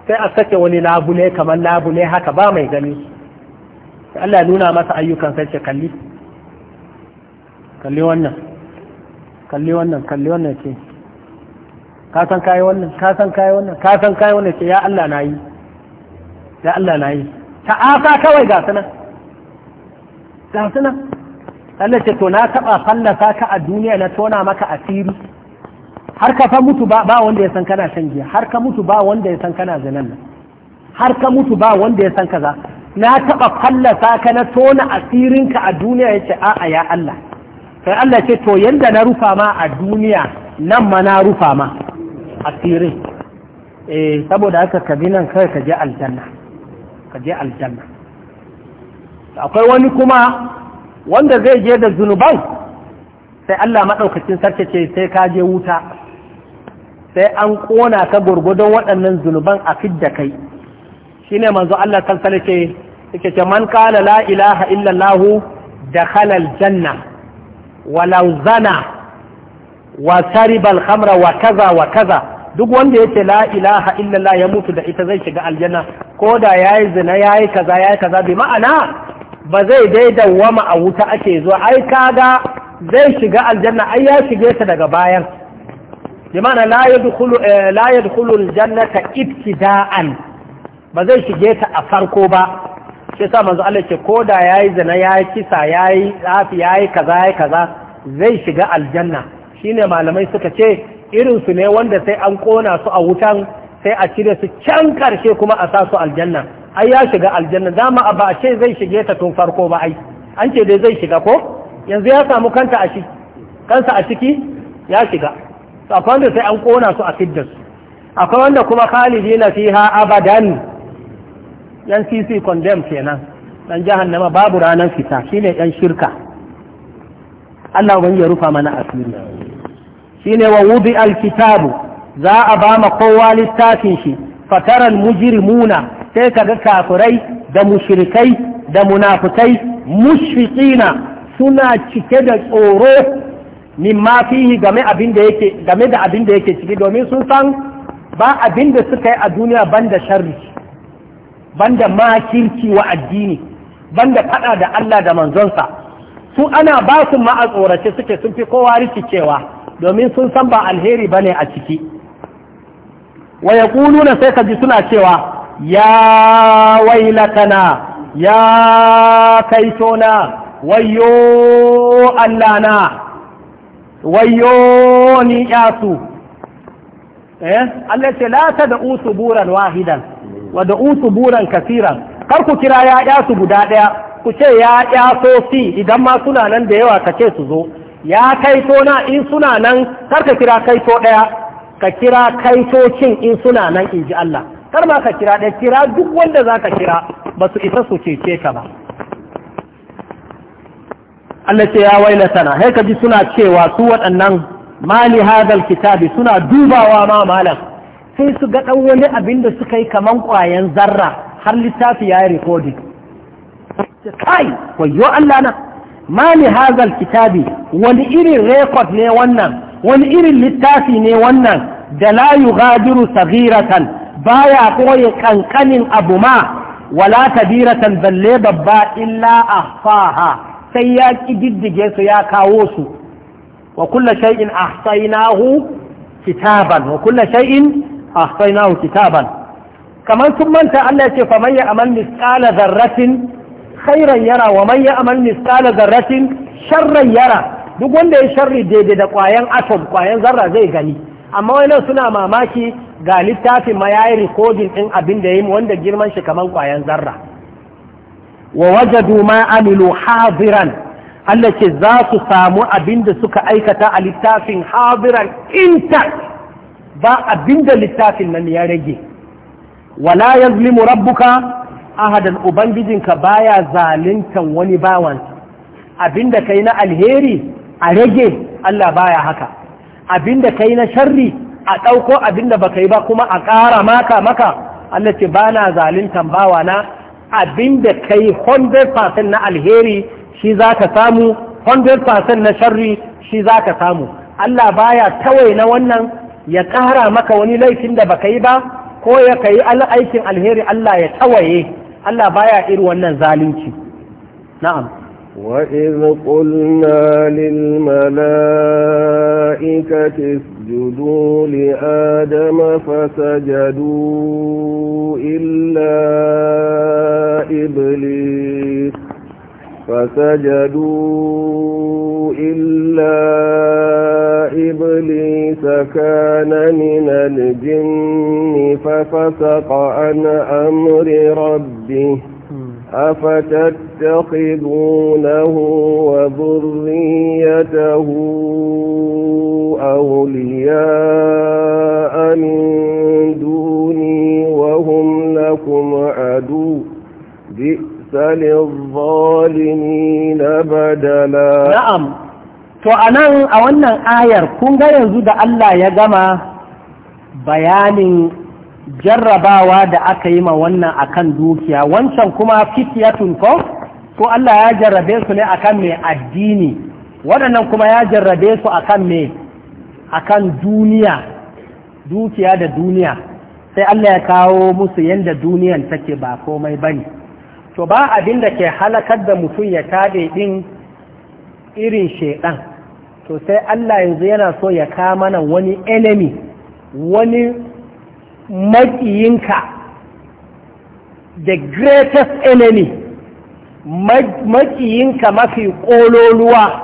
sai a sake wani labule kamar labule haka ba mai gani Allah nuna masa ayyukan sai ce kalli kalli wannan kalli wannan kalli wannan ce ka san kai wannan ka san kai wannan ka san kai wannan ce ya Allah na yi ya Allah na yi ta'afa kawai ga sunan ga sunan Allah ce to na taba fallasa ka a duniya na tona maka asiri har ka fa mutu ba wanda ya san kana shan giya har ka mutu ba wanda ya san kana zinan har ka mutu ba wanda ya san kaza na taɓa fallasa ka na tona asirinka a duniya ya ce a'a ya Allah sai Allah ce to yanda na rufa ma a duniya nan ma na rufa ma asirin eh saboda haka ka bi nan kai ka je aljanna ka je aljanna akwai wani kuma wanda zai je da zunuban sai Allah maɗaukacin sarki ce sai ka je wuta sai an ƙona ka gurgudun waɗannan zunuban a fidda kai shine manzo Allah sallallahu suke ce man kala la ilaha illallah dakhala aljanna walau zana wa sariba alhamra wa kaza wa kaza duk wanda ya ce la ilaha illallah ya mutu da ita zai shiga aljanna ko da ya yi zina ya yi kaza ya yi kaza bi ma'ana ba zai dai wama a wuta ake zuwa ai kaga zai shiga aljanna ai ya shige ta daga bayan bi ma'ana la yadkhulu eh, la yadkhulu aljannata ibtida'an ba zai shige ta a farko ba shi sa manzo Allah ce ko da yayi zina yayi kisa yayi zafi yayi kaza yayi kaza zai shiga aljanna shine malamai suka ce irin su ne wanda sai an kona su a wutan sai a cire su can karshe kuma a sa su aljanna ai ya shiga aljanna dama a ba ce zai shige ta tun farko ba ai an ce dai zai shiga ko yanzu ya samu kanta a ciki kansa a ciki ya shiga akwai wanda sai an kona su a fidda su akwai wanda kuma khalidina fiha abadan yan CC condemn kenan dan jahannama babu ranar fita shine yan shirka Allah ban ya rufa mana asiri shine wa wudi alkitabu za a ba ma kowa littafin shi fataral mujrimuna sai kaga kafirai da mushirikai, da munafukai. mushfiqina suna cike da tsoro mimma fihi game abin da yake game da abin da yake ciki domin sun san ba abin da suka yi a duniya banda sharri banda makirci wa addini banda fada da Allah da manzonsa su ana ba su ma a suke sun fi kowa rikicewa domin sun san ba alheri bane a ciki wa na sai ka ji suna cewa ya wailatana ya kaitona wayo Allah wayo ni yasu eh Allah ce la da usuburan wahidan wa da usu buran kasiran kar ku kira ya'ya su guda ɗaya ku ce ya'ya sofi idan ma suna nan da yawa ka ce su zo ya kaito na in suna nan kar ka kira kaito ɗaya ka kira kaitocin in suna nan in ji Allah kar ma ka kira ɗaya kira duk wanda za ka kira ba su isa su cece ka ba Allah ce ya sana sai ka ji suna cewa su waɗannan mali hadal kitabi suna dubawa ma malam sai su ga ɗan wani abin da suka yi kaman kwayan zarra har littafi ya yi rikodin kai wayo Allah na ma ni hazal kitabi wani irin rekod ne wannan wani irin littafi ne wannan da layu yughadiru saghiratan baya koye kankanin abu ma wala kabiratan balle babba illa ahsaha sai ya kididdige su ya kawo su wa kullu shay'in ahsaynahu kitaban wa kullu shay'in ahsaynahu kitaban kamar sun manta Allah ya ce fa man ya'mal misqala dharratin yara wa man ya'mal misqala dharratin sharran yara duk wanda ya sharri daidai da kwayan atom kwayan zarra zai gani amma wannan suna mamaki ga littafin ma yayi recording din abin da yayi wanda girman shi kaman kwayan zarra wa wajadu ma amilu hadiran Allah ce za su samu abin da suka aikata a littafin hadiran intact ba abinda littafin nan ya rage wala yazlimu rabbuka ahadan ubangijinka baya zalintan wani bawan abinda kai na alheri a rage Allah baya haka abinda kai na sharri a ɗauko abinda baka yi ba kuma a ƙara maka maka Allah ce ba na zalintan bawana abinda kai 100% na alheri shi za ka samu 100% na sharri shi za ka samu Allah baya kawai na wannan ya ƙara maka wani laifin da baka yi ba ko ya kai aikin alheri Allah ya tsawaye Allah baya iri wannan zalunci na'am وإذ قلنا للملائكة اسجدوا لآدم فسجدوا إلا إبليس فسجدوا إلا إبليس كان من الجن ففسق عن أمر ربه أفتتخذونه وذريته أولياء من دوني وهم لكم عدو للظالمين بدلا نعم to anan a wannan ayar kun ga yanzu da Allah ya gama bayanin jarrabawa da aka yi ma wannan akan dukiya wancan kuma fitiyatun ko ko Allah ya jarrabe su ne akan mai addini waɗannan kuma ya jarrabe su akan mai akan duniya dukiya da duniya sai Allah ya kawo musu yadda duniyan take ba komai bane to ba abin da ke halakar da mutum ya tabe ɗin irin shaɗan to sai Allah yanzu yana so ya kama nan wani enemy wani maƙiyinka the greatest enemy maƙiyinka mafi ƙololuwa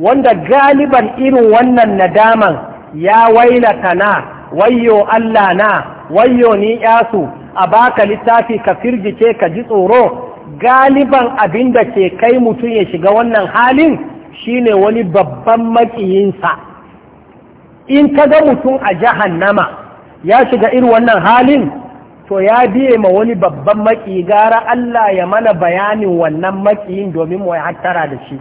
wanda galiban irin wannan nadaman ya wailata na wayo Allah na wayo ni yasu a baka littafi ka firgice ka ji tsoro galiban abinda ke kai mutum ya shiga wannan halin shine wani babban makiyinsa in ka ga mutum a jahannama ya shiga irin wannan halin to ya biye ma wani babban maki gara Allah ya mana bayanin wannan makiyin domin mu hattara da shi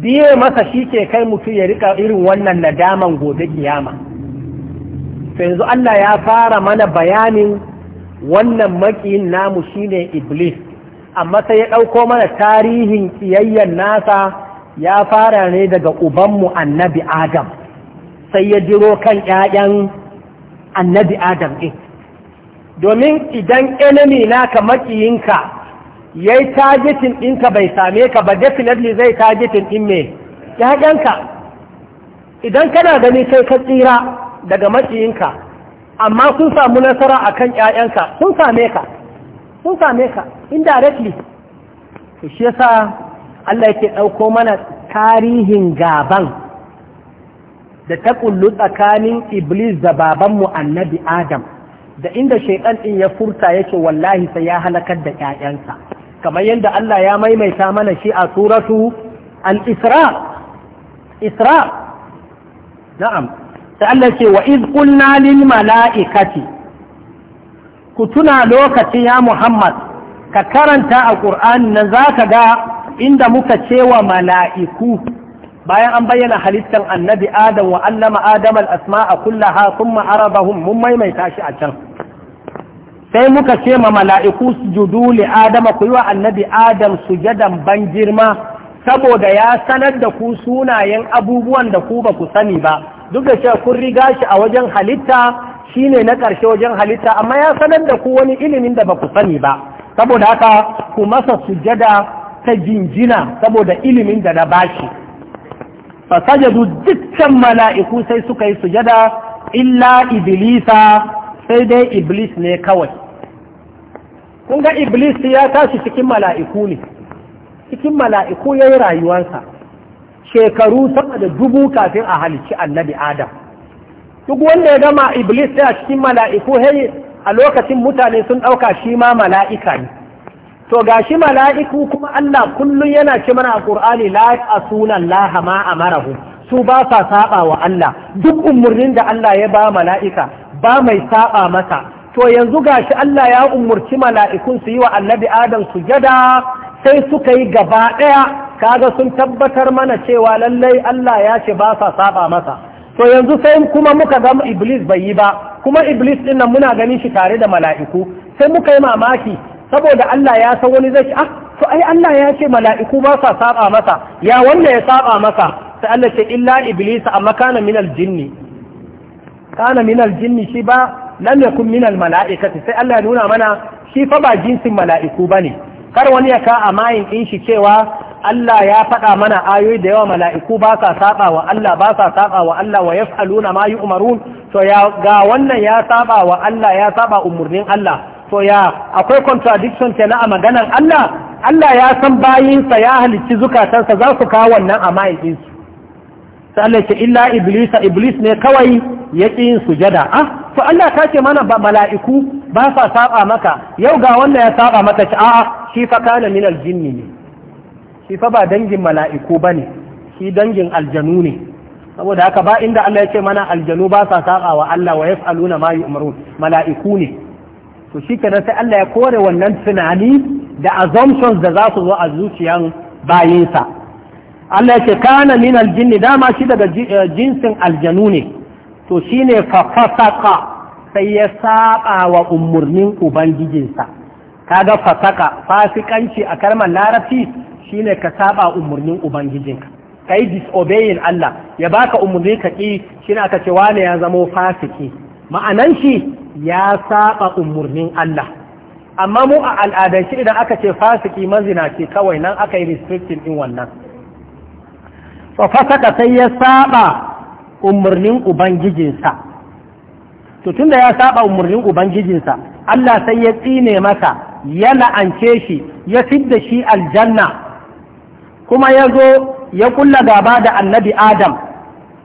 biye masa shi ke kai mutum ya rika irin wannan nadaman gobe kiyama yanzu Allah ya fara mana bayanin wannan makiyin namu shine iblis amma sai ya ɗauko mana tarihin kiyayyen nasa ya fara ne daga ubanmu annabi adam sai ya jiro kan ƴaƴan annabi adam ɗin domin idan enemy naka makiyinka ya yi targetin ɗinka bai same ka ba definitely zai targetin ɗin mai ƴaƴanka idan kana gani sai ka tsira daga maciyinka amma sun samu nasara akan 'ya'yanka, sun same ka sun same ka indirectly to shi yasa Allah yake ɗauko mana tarihin gaban da ta ƙullu tsakanin Iblis da babanmu annabi Adam da inda shaitan ɗin ya furta yake wallahi sai ya halakar da 'ya'yansa? kamar yadda Allah ya maimaita mana shi a suratu al-Isra Isra na'am sai Allah ce wa iz qulna lil mala'ikati ku tuna lokacin ya Muhammad ka karanta a Qur'ani nan zaka ga inda muka ce wa mala'iku bayan an bayyana halittar annabi Adam wa allama Adam al-asma'a kullaha thumma arabahum mun maimaita shi a can sai muka ce ma mala'iku sujudu li Adama ku yi wa annabi Adam sujadan ban girma saboda ya sanar da ku sunayen abubuwan da ku ba ku sani ba duk da cewa kun riga shi a wajen halitta shi ne na ƙarshe wajen halitta amma ya sanar da ku wani ilimin da ba ku sani ba saboda haka ku masa sujada ta jinjina saboda ilimin da na bashi fa sajadu dukkan mala'iku sai suka yi sujada illa iblisa sai dai iblis ne kawai kun ga iblis ya tashi cikin mala'iku ne cikin mala'iku ya yi rayuwarsa shekaru sama da dubu kafin a halici annabi adam duk wanda ya gama iblis a cikin mala'iku hey a lokacin mutane sun ɗauka shi ma mala'ika ne to ga shi mala'iku kuma Allah kullum yana ce mana a Qur'ani la sunan Lahama ma marahu su ba sa saba wa Allah duk umurnin da Allah ya ba mala'ika ba mai saba masa to yanzu gashi Allah ya umurci mala'ikun su yi wa annabi Adam su jada sai suka yi gaba ɗaya kaga sun tabbatar mana cewa lallai Allah ya ce ba sa saba masa to yanzu sai kuma muka ga iblis bai yi ba kuma iblis din nan muna ganin shi tare da mala'iku sai muka yi mamaki saboda Allah ya san wani zai ah to ai Allah ya ce mala'iku ba sa saba masa ya wanda ya saba masa sai Allah ce illa iblis amma kana minal jinni kana minal jinni shi ba lam yakun minal mala'ikati sai Allah ya nuna mana shi fa ba jinsin mala'iku bane kar wani ya ka a mayin din shi cewa Allah ya faɗa mana ayoyi da yawa mala'iku ba sa saba wa Allah ba sa saba wa Allah wa yaf'aluna ma yu'marun to ya ga wannan ya saɓa wa Allah ya saɓa umarnin Allah to ya akwai contradiction na a maganar Allah Allah ya san bayinsa ya halicci zukatansa za su kawo wannan a ma'aikinsu. su ce illa iblisa iblis ne kawai ya ƙi yin sujada ah to Allah ta ce mana ba mala'iku ba sa maka yau ga wannan ya saɓa maka ci a'a shi fa kana min aljinni ne shi fa ba dangin mala'iku ba ne shi dangin aljanu ne saboda haka ba inda Allah ya ce mana aljanu ba sa saƙa wa Allah wa yas'aluna ma yu'marun mala'iku ne to shikenan sai Allah ya kore wannan tunani da assumptions da za su zo a zuciyan bayinsa Allah ya ce kana min aljinni dama shi daga eh, jinsin aljanu ne to shine fa fasaqa sai ya saƙa wa umarnin ubangijinsa kaga fasaka fasikanci a kalmar larabci shine ka saba umarnin ubangijinka ka yi disobeying Allah ya baka umarni ka ƙi shine aka ce wane ya zamo fasiki ma'anan shi ya saba umarnin Allah amma mu a shi idan aka ce fasiki mazina mazinaci kawai nan aka yi restricting in wannan fa fasaka sai ya saba umarnin ubangijinsa to tunda ya saba umarnin ubangijinsa Allah sai ya tsine masa ya la'ance shi ya fidda shi aljanna kuma ya zo ya kulla gaba da annabi adam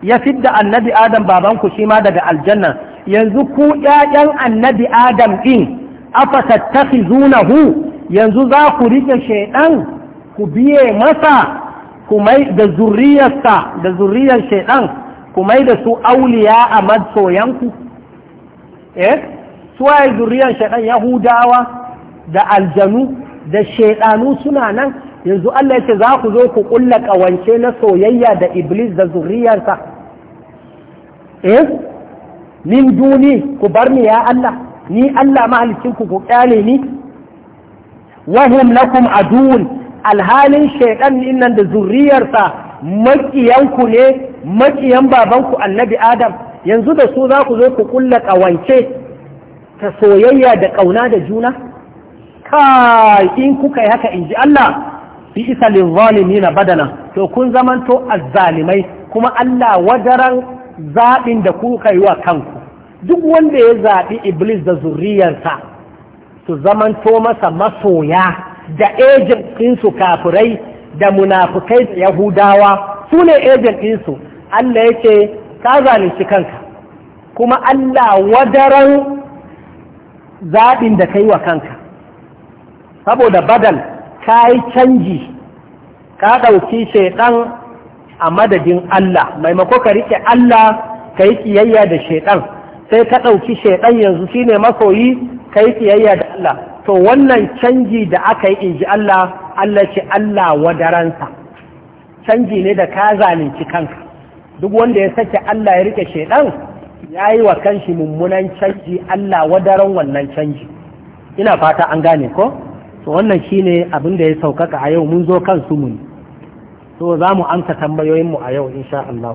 ya fidda annabi adam babanku shi ma daga aljanna yanzu ku ƴaƴan annabi adam ɗin afatattakhizunahu yanzu za ku riƙe shaiɗan ku biye masa ku mai da zurriyarsa da zurriyar shaiɗan ku da su auliya a masoyanku eh suwaye zurriyar shaiɗan yahudawa da aljanu da shaiɗanu suna nan yanzu Allah ya ce za ku zo ku kulla ƙawance na soyayya da Iblis da zuriyarsa eh min duni ku bar ni ya Allah ni Allah mahalicin ku ku kyale ni wahum lakum aduun alhalin shaytan din da zuriyarsa makiyanku ne makiyan babanku annabi Adam yanzu da su za ku zo ku kulla ƙawance ta soyayya da ƙauna da juna kai in kuka yi haka in ji Allah bi isa lizzalimina badana to kun zamanto azzalimai kuma Allah wadaran zaɓin da kuka yi wa kanku duk wanda ya zaɓi iblis da zuriyarsa su zamanto masa masoya da ejin ɗinsu kafurai da munafukai da yahudawa su ne ɗinsu Allah yake ka zalunci kanka kuma Allah wadaran zaɓin da ka yi wa kanka saboda badal ka yi canji ka ɗauki shaiɗan a madadin Allah maimako ka rike Allah ka yi ƙiyayya da shaiɗan sai ka ɗauki shaiɗan yanzu shine masoyi ka yi ƙiyayya da Allah to wannan canji da aka yi in Allah Allah ce Allah wadaransa canji ne da ka zalunci kanka duk wanda ya sake Allah ya rike shaiɗan ya yi wa kanshi mummunan canji Allah wadaran wannan canji ina fata an gane ko to wannan shine abin da ya saukaka a yau mun zo kan su mun so za mu amsa tambayoyinmu a yau insha Allah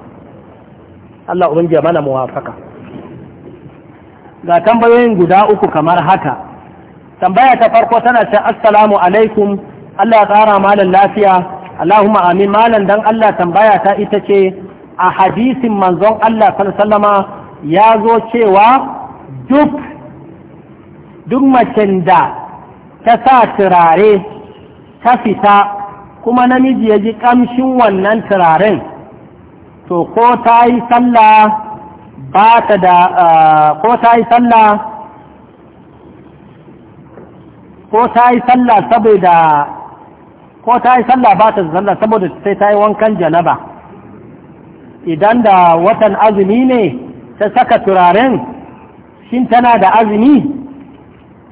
Allah ubangiji jamana muwafaka ga tambayoyin guda uku kamar haka tambaya ta farko tana ce assalamu alaikum Allah ya tsara malan lafiya Allahumma amin malan dan Allah tambaya ta ita ce a hadisin manzon Allah sallallahu ya zo cewa duk duk macen da ta sa turare ta fita kuma namiji ya ji ƙamshin wannan turaren to ko ta yi sallah ba ta da ko ta yi tsalla ko ta yi tsalla saboda ko ta yi tsalla ba ta sallah saboda sai ta yi wankan janaba idan da watan azumi ne ta saka turaren shin tana da azumi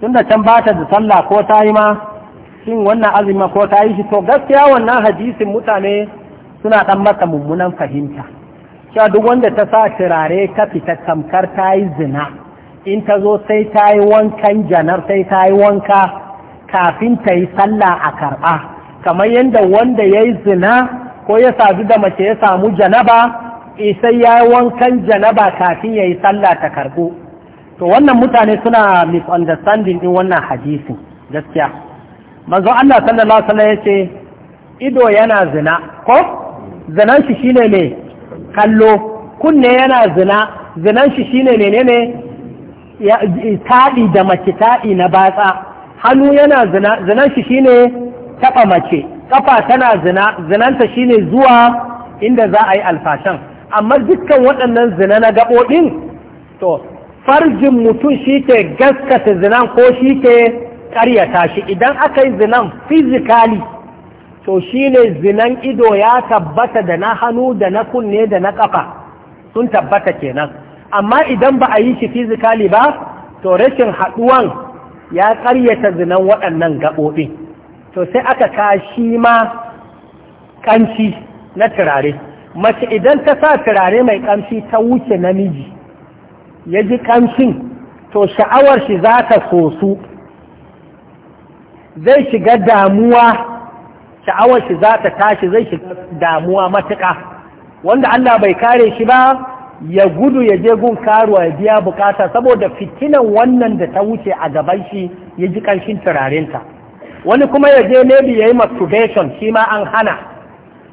tunda can bata da sallah ko ta yi ma shin wannan azumi ko ta yi shi to gaskiya wannan hadisin mutane suna dan masa mummunan fahimta cewa duk wanda ta sa turare ta fita tamkar ta yi zina in ta zo sai ta yi wankan janar sai ta yi wanka kafin ta yi sallah a karɓa kamar yadda wanda ya yi zina ko ya sadu da mace ya samu janaba eh, sai ya yi wankan janaba kafin ya yi sallah ta karɓo to wannan mutane suna misunderstanding din wannan hadisi gaskiya manzo Allah sallallahu alaihi wasallam yace ido yana zina ko zinan shi shine ne kallo kunne yana zina zinan shi shine menene ya taɗi da mace taɗi na batsa hannu yana zina zinan shi shine taɓa mace kafa tana zina zinanta shine zuwa inda za a yi alfashan amma dukkan waɗannan zina na gaɓoɗin to farjin mutum shi ke gaskata zinan ko shi ke karyata shi idan aka yi zinan fizikali to shi ne zinan ido ya tabbata da na hannu da na kunne da na ƙafa sun tabbata kenan amma idan ba a yi shi fizikali ba to rashin haɗuwan ya karyata zinan waɗannan gaɓoɓi to sai aka kashi ma ƙamshi na turare mace idan ta sa turare mai ƙamshi ta wuce namiji ya ji kamshin to sha'awar shi za ta sosu zai shiga damuwa sha'awar shi za ta tashi zai shiga damuwa matuka wanda Allah bai kare shi ba ya gudu ya je gun karuwa ya biya bukata saboda fitinan wannan da ta wuce a gaban shi ya ji ƙanshin wani kuma ya je maybe ya yi masturbation shi ma an hana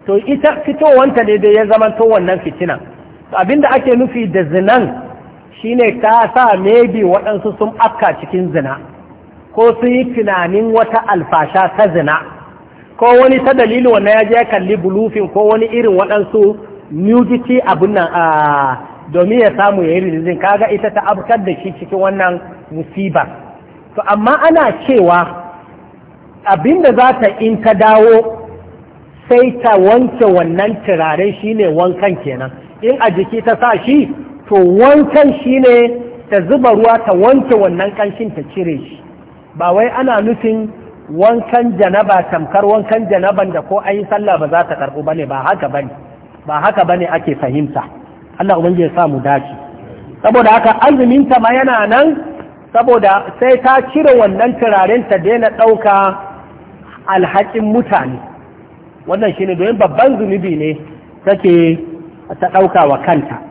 to ita fitowanta ne dai ya zama to wannan fitinan abinda ake nufi da zinan Shi ne ta sa maybe waɗansu sun afka cikin zina ko sun yi tunanin wata alfasha ta zina ko wani ta dalilin wannan ya je ya kalli bulufin ko wani irin waɗansu nudity abin nan a domin ya samu ya yi rizin kaga ita ta afkar da shi cikin wannan musiba to amma ana cewa abin da za ta in ta dawo sai ta wanke wannan turare shine wankan kenan in a jiki ta sa shi to wankan shi ne ta zuba ruwa ta wanke wannan kanshin ta cire shi ba wai ana nufin wankan janaba tamkar wankan janaban da ko an yi sallah ba za ta ba bane ba haka bane ba haka bane ake fahimta Allah ubangiji ya sa mu dace saboda haka azumin ta ma yana nan saboda sai ta cire wannan turaren ta daina ɗauka alhakin mutane wannan shine domin babban zunubi ne take ta ɗauka wa kanta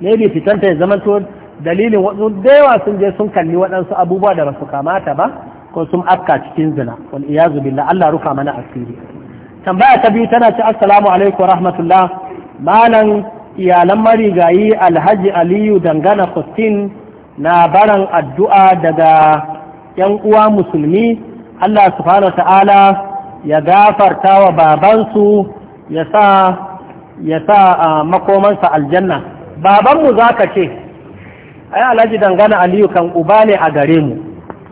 ne fitanta ya zamanto dalilin wasu da yawa sun je sun kalli waɗansu abubuwa da basu kamata ba ko sun afka cikin zina wal iyazu billah Allah rufa mana asiri tambaya ta biyu tana ce assalamu alaikum rahmatullah malam iyalan marigayi alhaji aliyu dangana kustin na baran addu'a daga yan uwa musulmi Allah subhanahu ta'ala ya gafarta wa babansu ya sa ya sa ah, makomansa aljanna babanmu za ka ce ai alhaji dangana aliyu kan uba ne a gare mu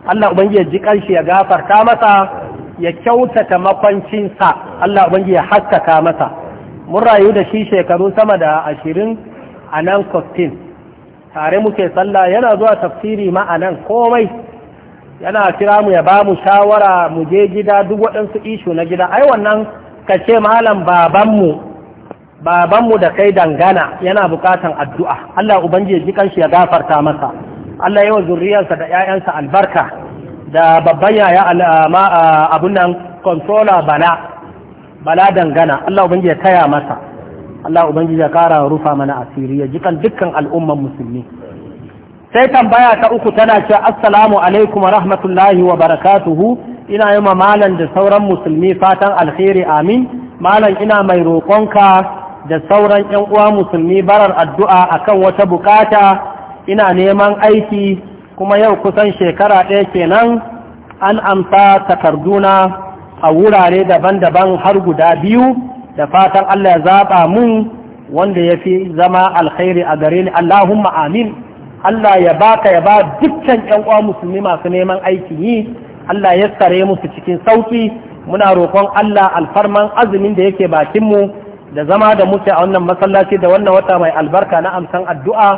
Allah ubangi ya ji kanshi ya gafarta masa ya kyautata makwancinsa Allah ubangi ya haskaka masa mun rayu da shi shekaru sama da ashirin a nan kwastin tare muke sallah yana zuwa tafsiri ma a komai yana kira mu ya ba mu shawara mu je gida duk waɗansu ishu na gida ai wannan ka ce malam babanmu babanmu da kai dangana yana bukatan addu'a Allah ubangiji jikan shi ya gafarta masa Allah yawan zurriyarsa da 'ya'yansa albarka da babban yaya al'ama abun nan controller bala bala dangana Allah ubangiji ya taya masa Allah ubangiji ya kara rufa mana asiri ya jikan dukkan al'umman musulmi sai tambaya ta uku tana ce assalamu alaikum wa rahmatullahi wa barakatuhu ina yi malam da sauran musulmi fatan alheri amin malam ina mai roƙonka da sauran ‘yan uwa musulmi barar addu'a akan wata bukata ina neman aiki kuma yau kusan shekara ɗaya kenan an amsa takarduna a wurare daban-daban har guda biyu da fatan Allah ya zaɓa mun wanda ya fi zama alkhairi a gare ni Allahumma amin Allah ya baka ya ba dukkan ‘yan uwa musulmi masu neman aiki yi Allah ya sare musu cikin sauki muna roƙon Allah alfarman azumin da yake bakinmu da zama da muke a wannan masallaci da wannan wata mai albarka na amsan addu'a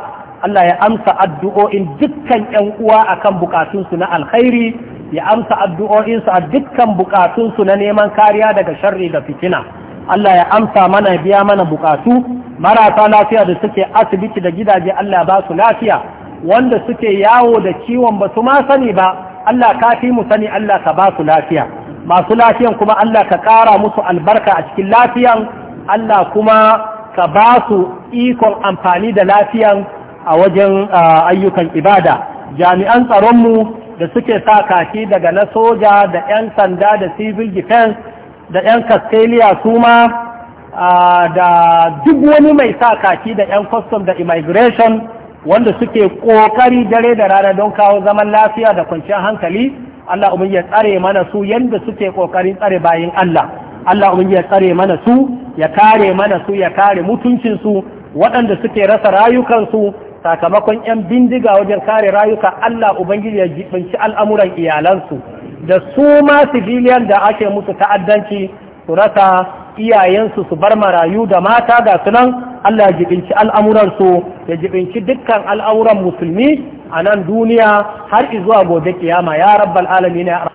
Allah ya amsa addu'o'in dukkan ‘yan uwa akan bukatunsu na alkhairi ya amsa addu'o'insu a dukkan bukatunsu na neman kariya daga sharri da fitina Allah ya amsa mana biya mana bukatu marasa lafiya da suke asibiti da gidaje Allah ba su lafiya wanda suke yawo da ciwon ba su ma sani ba Allah ka fi mu sani Allah ka ba su lafiya masu lafiyan kuma Allah ka ƙara musu albarka a cikin lafiyan Allah kuma ka ba su ikon amfani da lafiyan a wajen ayyukan ibada jami'an tsaronmu da suke sa kaki daga na soja da 'yan sanda da civil defense da 'yan castelia su ma da duk wani mai sa kaki da 'yan custom da immigration wanda suke ƙoƙari dare da rana don kawo zaman lafiya da kwanciyar hankali Allah umar ya tsare mana su yadda suke ƙoƙarin tsare bayan Allah Allah ubangi ya tsare mana su ya kare mana su ya kare mutuncinsu waɗanda suke rasa rayukansu sakamakon yan bindiga wajen kare rayuka Allah ubangiji ya jibinci al'amuran iyalansu da su ma civilian da ake musu ta'addanci su rasa iyayensu su bar marayu da mata ga sunan Allah ya jibinci al'amuransu ya jibinci dukkan al'amuran musulmi a nan duniya har izuwa gobe kiyama ya rabbal alamin ya